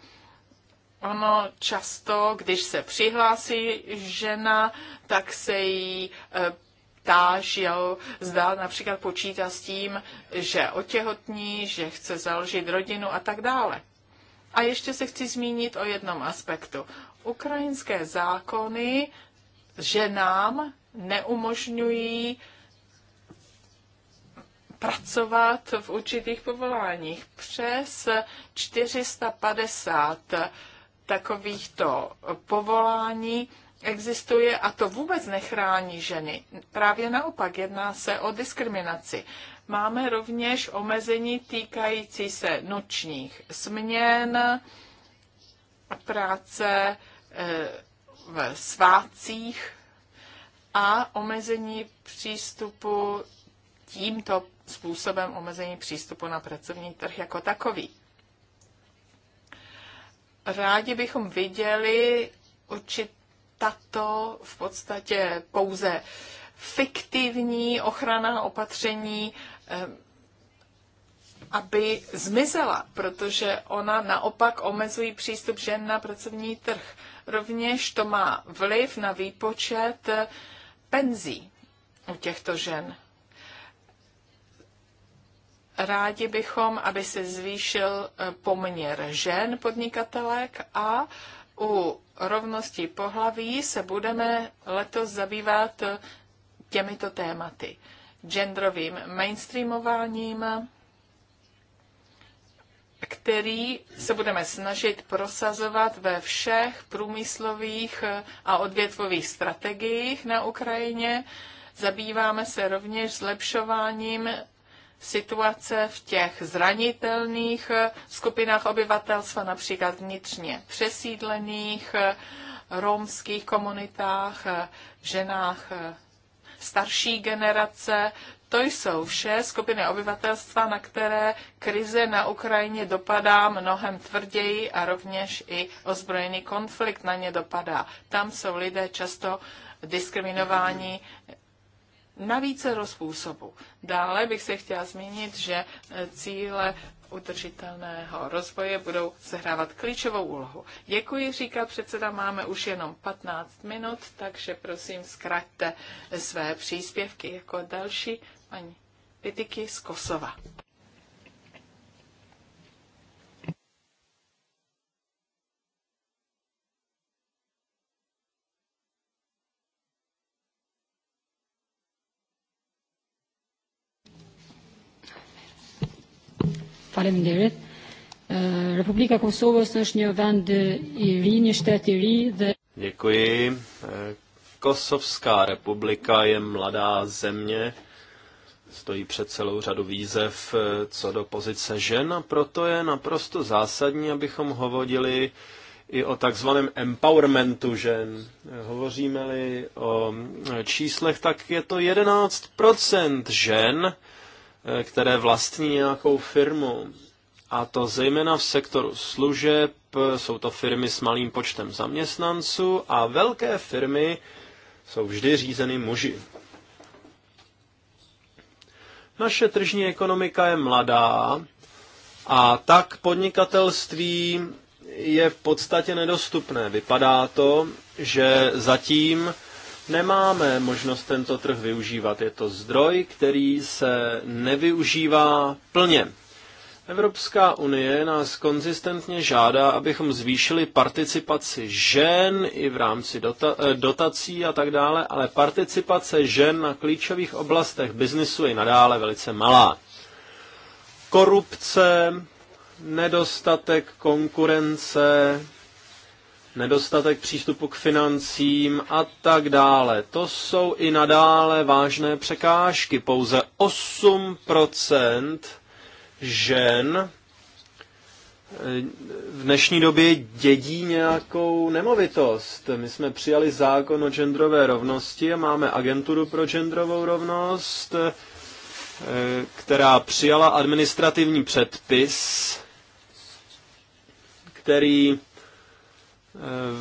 Ono často, když se přihlásí žena, tak se jí eh, jo, zda například počítá s tím, že otěhotní, že chce založit rodinu a tak dále. A ještě se chci zmínit o jednom aspektu. Ukrajinské zákony ženám neumožňují pracovat v určitých povoláních. Přes 450 takovýchto povolání existuje a to vůbec nechrání ženy. Právě naopak jedná se o diskriminaci. Máme rovněž omezení týkající se nočních směn, práce eh, v svácích a omezení přístupu tímto způsobem omezení přístupu na pracovní trh jako takový. Rádi bychom viděli určitě tato v podstatě pouze fiktivní ochrana opatření eh, aby zmizela, protože ona naopak omezují přístup žen na pracovní trh. Rovněž to má vliv na výpočet eh, penzí u těchto žen. Rádi bychom, aby se zvýšil eh, poměr žen podnikatelek a u rovnosti pohlaví se budeme letos zabývat těmito tématy. Genderovým mainstreamováním, který se budeme snažit prosazovat ve všech průmyslových a odvětvových strategiích na Ukrajině. Zabýváme se rovněž zlepšováním situace v těch zranitelných eh, skupinách obyvatelstva, například vnitřně přesídlených, eh, romských komunitách, eh, ženách starší generace. To jsou vše skupiny obyvatelstva, na které krize na Ukrajině dopadá mnohem tvrději a rovněž i ozbrojený konflikt na ně dopadá. Tam jsou lidé často diskriminováni na více způsobů. Dále bych se chtěla zmínit, že e, cíle udržitelného rozvoje budou sehrávat klíčovou úlohu. Děkuji, říká předseda, máme už jenom 15 minut, takže prosím zkraťte e, své příspěvky. Jako další paní Pitiky z Kosova. Faleminderit. Eh, republika Kosovo është një vend i ri, një shtet i ri dhe Děkuji. Eh, Kosovská republika je mladá země, stojí před celou řadu výzev eh, co do pozice žen a proto je naprosto zásadní, abychom hovodili i o takzvaném empowermentu žen. Hovoříme-li o číslech, tak je to 11% žen, Eh, které vlastní nějakou firmu, a to zejména v sektoru služeb, eh, jsou to firmy s malým počtem zaměstnanců a velké firmy jsou vždy řízeny muži. Naše tržní ekonomika je mladá a tak podnikatelství je v podstatě nedostupné. Vypadá to, že zatím nemáme možnost tento trh využívat. Je to zdroj, který se nevyužívá plně. Evropská unie nás konzistentně žádá, abychom zvýšili participaci žen i v rámci dota- eh, dotací a tak dále, ale participace žen na klíčových oblastech biznisu je nadále velice malá. Korupce, nedostatek konkurence, nedostatek přístupu k financím a tak dále. To jsou i nadále vážné překážky. Pouze 8% žen eh, v dnešní době dědí nějakou nemovitost. My jsme přijali zákon o genderové rovnosti a máme agenturu pro genderovou rovnost, eh, která přijala administrativní předpis, který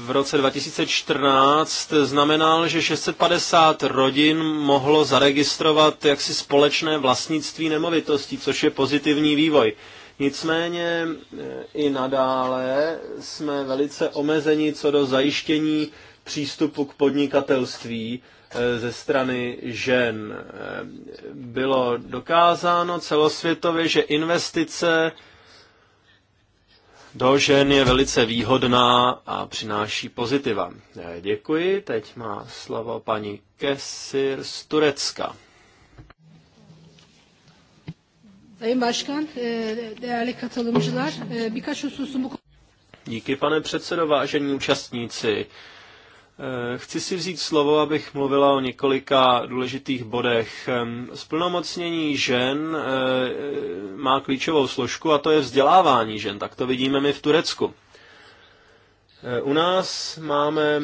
v roce 2014 znamenal, že 650 rodin mohlo zaregistrovat jaksi společné vlastnictví nemovitostí, což je pozitivní vývoj. Nicméně eh, i nadále jsme velice omezeni co do zajištění přístupu k podnikatelství eh, ze strany žen. Eh, bylo dokázáno celosvětově, že investice do žen je velice výhodná a přináší pozitiva. Děkuji, teď má slovo paní Kesir z Turecka. E, e, Díky, pane předsedo, vážení účastníci. Eh, chci si vzít slovo, abych mluvila o několika důležitých bodech. Splnomocnění žen eh, má klíčovou složku a to je vzdělávání žen. Tak to vidíme my v Turecku. Eh, u nás máme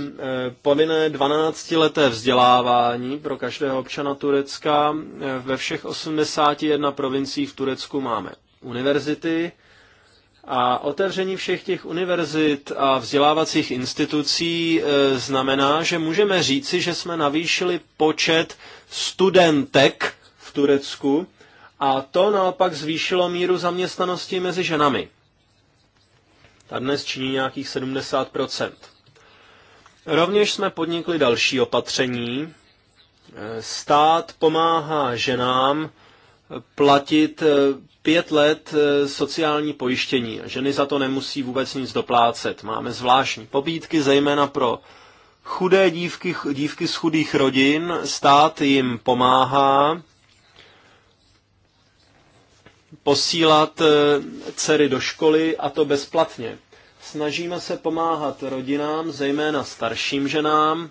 povinné 12-leté vzdělávání pro každého občana Turecka. Ve všech 81 provinciích v Turecku máme univerzity a otevření všech těch univerzit a vzdělávacích institucí e, znamená, že můžeme říci, že jsme navýšili počet studentek v Turecku a to naopak zvýšilo míru zaměstnanosti mezi ženami. Ta dnes činí nějakých 70%. Rovněž jsme podnikli další opatření. E, stát pomáhá ženám platit e, pět let e, sociální pojištění. Ženy za to nemusí vůbec nic doplácet. Máme zvláštní pobídky, zejména pro chudé dívky, dívky z chudých rodin. Stát jim pomáhá posílat e, dcery do školy a to bezplatně. Snažíme se pomáhat rodinám, zejména starším ženám,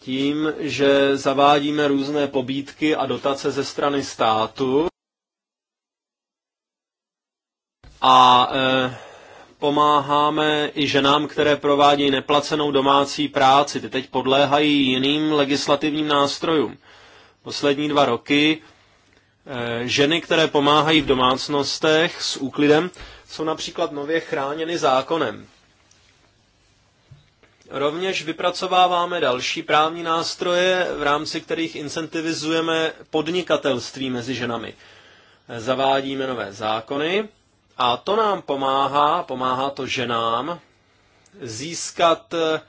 tím, že zavádíme různé pobídky a dotace ze strany státu a e, pomáháme i ženám, které provádějí neplacenou domácí práci. Ty teď podléhají jiným legislativním nástrojům. Poslední dva roky e, ženy, které pomáhají v domácnostech s úklidem, jsou například nově chráněny zákonem. Rovněž vypracováváme další právní nástroje, v rámci kterých incentivizujeme podnikatelství mezi ženami. Zavádíme nové zákony, a to nám pomáhá, pomáhá to ženám, získat eh,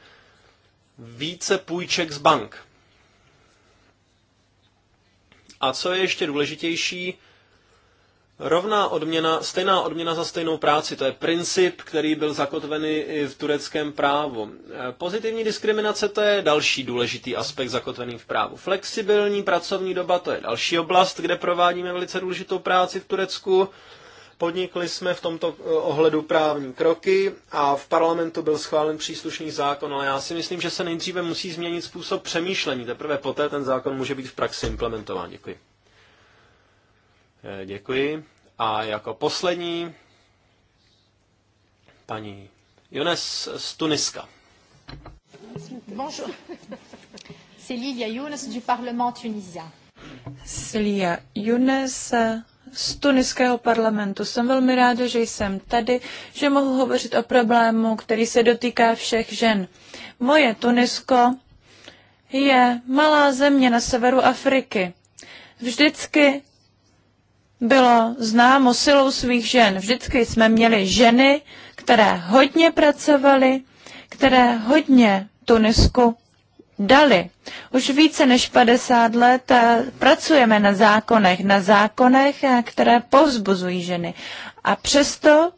více půjček z bank. A co je ještě důležitější, rovná odměna, stejná odměna za stejnou práci, to je princip, který byl zakotvený i v tureckém právu. Eh, pozitivní diskriminace, to je další důležitý aspekt zakotvený v právu. Flexibilní pracovní doba, to je další oblast, kde provádíme velice důležitou práci v Turecku. Podnikli jsme v tomto eh, ohledu právní kroky a v parlamentu byl schválen příslušný zákon, ale já si myslím, že se nejdříve musí změnit způsob přemýšlení. Teprve poté ten zákon může být v praxi implementován. Děkuji. Eh, děkuji. A jako poslední paní Jones z Tuniska. Bonjour. C'est Lilia Younes du Parlement tunisien. Celia Younes z tuniského parlamentu. Jsem velmi ráda, že jsem tady, že mohu hovořit o problému, který se dotýká všech žen. Moje Tunisko je malá země na severu Afriky. Vždycky bylo známo silou svých žen. Vždycky jsme měli ženy, které hodně pracovaly, které hodně Tunisku dali. Už více než 50 let eh, pracujeme na zákonech, na zákonech, eh, které povzbuzují ženy. A přesto,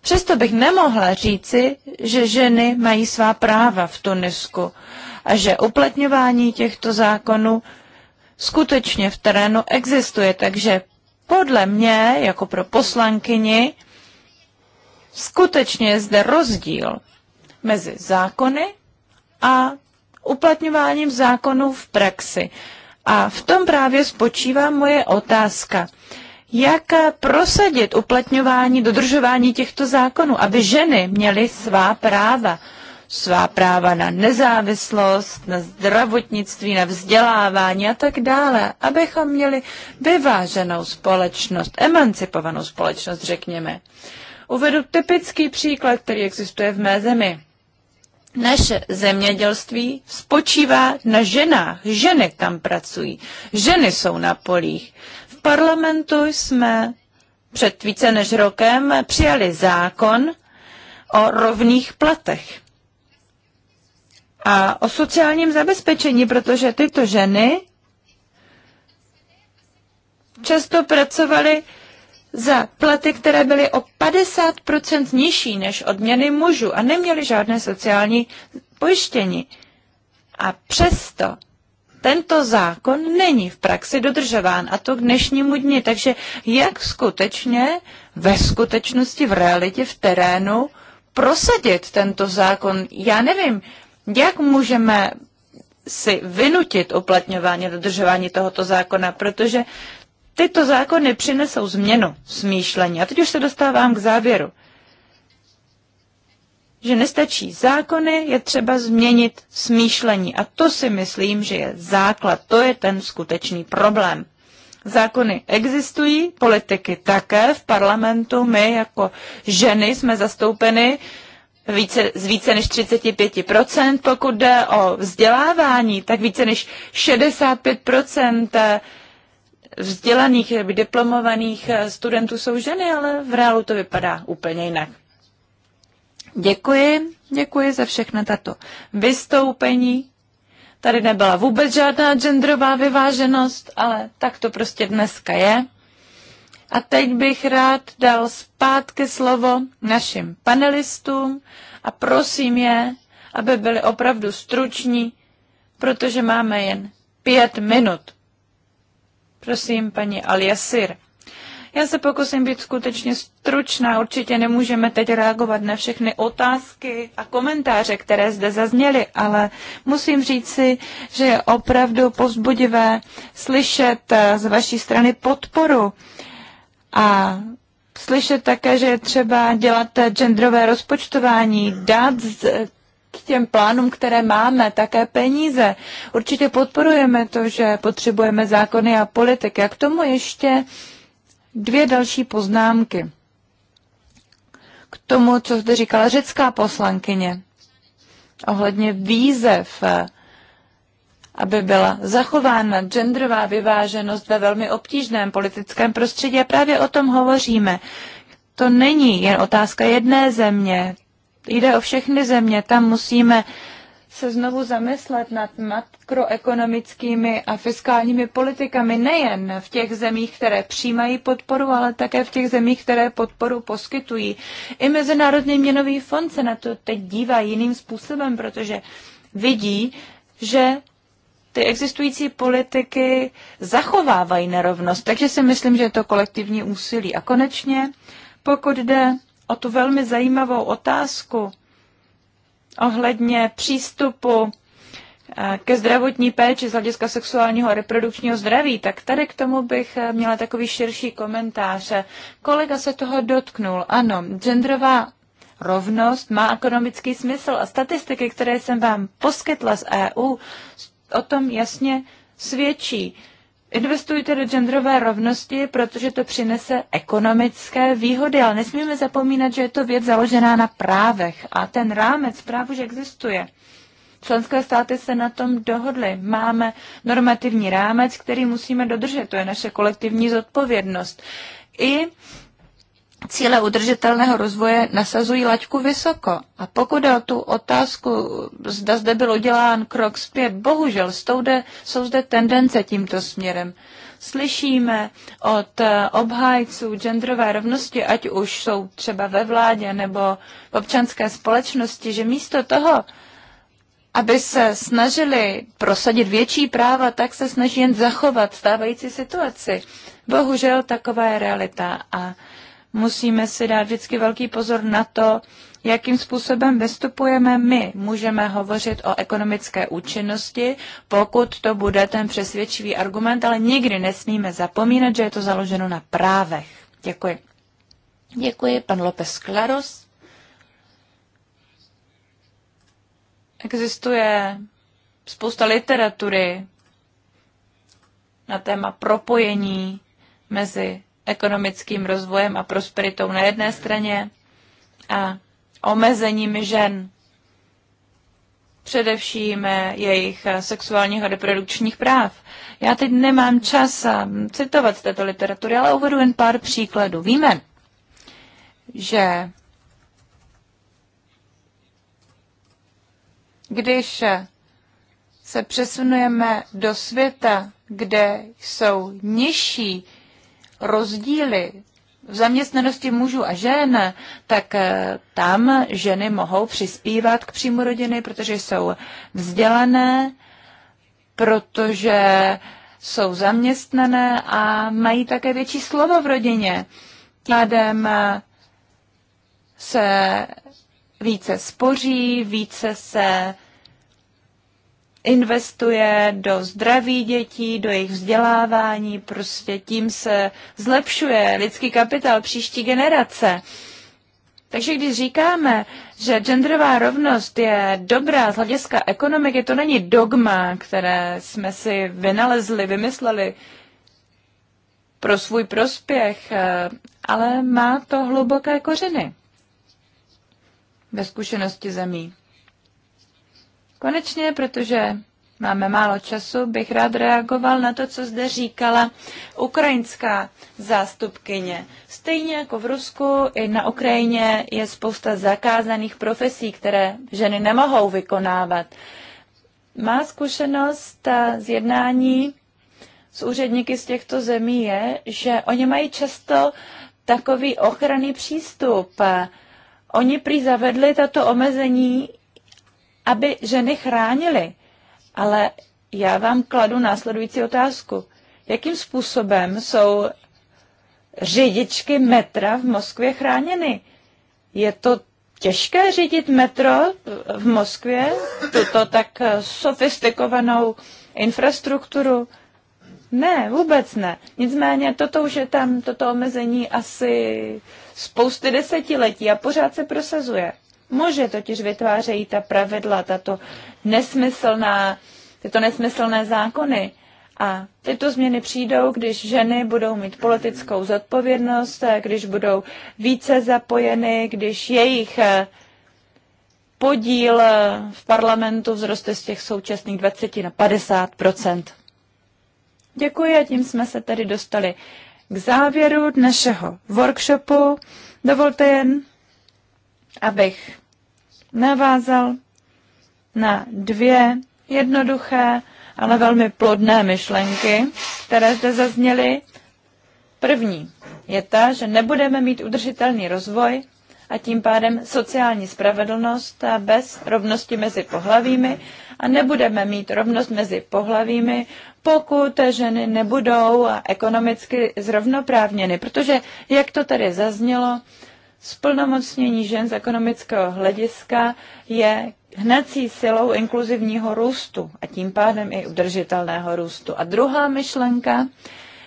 přesto bych nemohla říci, že ženy mají svá práva v Tunisku a že uplatňování těchto zákonů skutečně v terénu existuje. Takže podle mě, jako pro poslankyni, skutečně je zde rozdíl mezi zákony a uplatňováním zákonů v praxi. A v tom právě spočívá moje otázka. Jak prosadit uplatňování, dodržování těchto zákonů, aby ženy měly svá práva? Svá práva na nezávislost, na zdravotnictví, na vzdělávání a tak dále, abychom měli vyváženou společnost, emancipovanou společnost, řekněme. Uvedu typický příklad, který existuje v mé zemi. Naše zemědělství spočívá na ženách. Ženy tam pracují. Ženy jsou na polích. V parlamentu jsme před více než rokem přijali zákon o rovných platech a o sociálním zabezpečení, protože tyto ženy často pracovaly za platy, které byly o 50% nižší než odměny mužů a neměly žádné sociální pojištění. A přesto tento zákon není v praxi dodržován a to k dnešnímu dni. Takže jak skutečně ve skutečnosti, v realitě, v terénu prosadit tento zákon? Já nevím, jak můžeme si vynutit uplatňování, dodržování tohoto zákona, protože tyto zákony přinesou změnu smýšlení. A teď už se dostávám k závěru, že nestačí zákony, je třeba změnit smýšlení. A to si myslím, že je základ, to je ten skutečný problém. Zákony existují, politiky také, v parlamentu my jako ženy jsme zastoupeny více, z více než 35%. Pokud jde o vzdělávání, tak více než 65% vzdělaných, eh, diplomovaných eh, studentů jsou ženy, ale v reálu to vypadá úplně jinak. Děkuji, děkuji za všechna tato vystoupení. Tady nebyla vůbec žádná genderová vyváženost, ale tak to prostě dneska je. A teď bych rád dal zpátky slovo našim panelistům a prosím je, aby byli opravdu struční, protože máme jen pět minut. Prosím, paní Aliasir. Já se pokusím být skutečně stručná. Určitě nemůžeme teď reagovat na všechny otázky a komentáře, které zde zazněly, ale musím říci, že je opravdu povzbudivé slyšet eh, z vaší strany podporu a slyšet také, že je třeba dělat eh, genderové rozpočtování, dát k těm plánům, které máme, také peníze. Určitě podporujeme to, že potřebujeme zákony a politiky. A k tomu ještě dvě další poznámky. K tomu, co zde říkala řecká poslankyně ohledně výzev, aby byla zachována genderová vyváženost ve velmi obtížném politickém prostředí. A právě o tom hovoříme. To není jen otázka jedné země, jde o všechny země. Tam musíme se znovu zamyslet nad makroekonomickými a fiskálními politikami nejen v těch zemích, které přijímají podporu, ale také v těch zemích, které podporu poskytují. I Mezinárodní měnový fond se na to teď dívá jiným způsobem, protože vidí, že ty existující politiky zachovávají nerovnost. Takže si myslím, že je to kolektivní úsilí. A konečně, pokud jde o tu velmi zajímavou otázku ohledně přístupu eh, ke zdravotní péči z hlediska sexuálního a reprodukčního zdraví, tak tady k tomu bych eh, měla takový širší komentář. Kolega se toho dotknul. Ano, genderová rovnost má ekonomický smysl a statistiky, které jsem vám poskytla z EU, o tom jasně svědčí. Investujte do genderové rovnosti, protože to přinese ekonomické výhody, ale nesmíme zapomínat, že je to věc založená na právech a ten rámec práv už existuje. Členské státy se na tom dohodly. Máme normativní rámec, který musíme dodržet. To je naše kolektivní zodpovědnost. I cíle udržitelného rozvoje nasazují laťku vysoko. A pokud o tu otázku, zda zde byl udělán krok zpět, bohužel stoude, jsou zde tendence tímto směrem. Slyšíme od eh, obhájců genderové rovnosti, ať už jsou třeba ve vládě nebo v občanské společnosti, že místo toho, aby se snažili prosadit větší práva, tak se snaží jen zachovat stávající situaci. Bohužel taková je realita a musíme si dát vždycky velký pozor na to, jakým způsobem vystupujeme my. Můžeme hovořit o ekonomické účinnosti, pokud to bude ten přesvědčivý argument, ale nikdy nesmíme zapomínat, že je to založeno na právech. Děkuji. Děkuji, pan López Klaros. Existuje spousta literatury na téma propojení mezi ekonomickým rozvojem a prosperitou na jedné straně a omezením žen, především eh, jejich eh, sexuálních a reprodukčních práv. Já teď nemám čas eh, citovat z této literatury, ale uvedu jen pár příkladů. Víme, že když se přesunujeme do světa, kde jsou nižší rozdíly v zaměstnanosti mužů a žen, tak eh, tam ženy mohou přispívat k příjmu rodiny, protože jsou vzdělané, protože jsou zaměstnané a mají také větší slovo v rodině. Tím eh, se více spoří, více se investuje do zdraví dětí, do jejich vzdělávání, prostě tím se zlepšuje lidský kapitál příští generace. Takže když říkáme, že genderová rovnost je dobrá z hlediska ekonomiky, to není dogma, které jsme si vynalezli, vymysleli pro svůj prospěch, eh, ale má to hluboké kořeny ve zkušenosti zemí. Konečně, protože máme málo času, bych rád reagoval na to, co zde říkala ukrajinská zástupkyně. Stejně jako v Rusku, i na Ukrajině je spousta zakázaných profesí, které ženy nemohou vykonávat. Má zkušenost ta zjednání s úředníky z těchto zemí je, že oni mají často takový ochranný přístup. Oni prý zavedli tato omezení aby ženy chránili. Ale já vám kladu následující otázku. Jakým způsobem jsou řidičky metra v Moskvě chráněny? Je to těžké řídit metro v Moskvě, tuto tak sofistikovanou infrastrukturu? Ne, vůbec ne. Nicméně toto už je tam, toto omezení asi spousty desetiletí a pořád se prosazuje muži totiž vytvářejí ta pravidla, tato nesmyslná, tyto nesmyslné zákony. A tyto změny přijdou, když ženy budou mít politickou zodpovědnost, když budou více zapojeny, když jejich eh, podíl eh, v parlamentu vzroste z těch současných 20 na 50 Děkuji a tím jsme se tedy dostali k závěru našeho workshopu. Dovolte jen, abych navázal na dvě jednoduché, ale velmi plodné myšlenky, které zde zazněly. První je ta, že nebudeme mít udržitelný rozvoj a tím pádem sociální spravedlnost bez rovnosti mezi pohlavími a nebudeme mít rovnost mezi pohlavími, pokud ženy nebudou ekonomicky zrovnoprávněny. Protože, jak to tady zaznělo, Splnomocnění žen z ekonomického hlediska je hnací silou inkluzivního růstu a tím pádem i udržitelného růstu. A druhá myšlenka,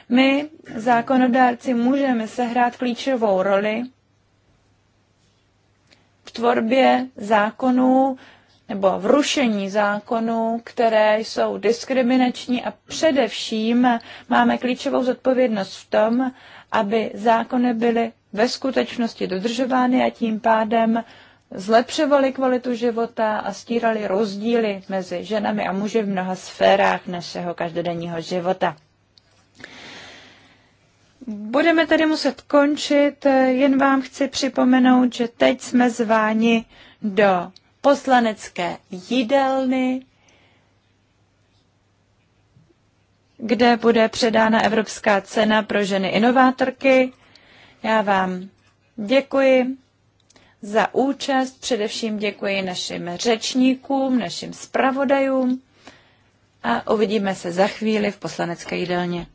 my, zákonodárci, můžeme sehrát klíčovou roli v tvorbě zákonů nebo v rušení zákonů, které jsou diskriminační a především máme klíčovou zodpovědnost v tom, aby zákony byly ve skutečnosti dodržovány a tím pádem zlepšovaly kvalitu života a stíraly rozdíly mezi ženami a muži v mnoha sférách našeho každodenního života. Budeme tedy muset končit, jen vám chci připomenout, že teď jsme zváni do poslanecké jídelny, kde bude předána Evropská cena pro ženy inovátorky. Já vám děkuji za účast, především děkuji našim řečníkům, našim zpravodajům a uvidíme se za chvíli v poslanecké jídelně.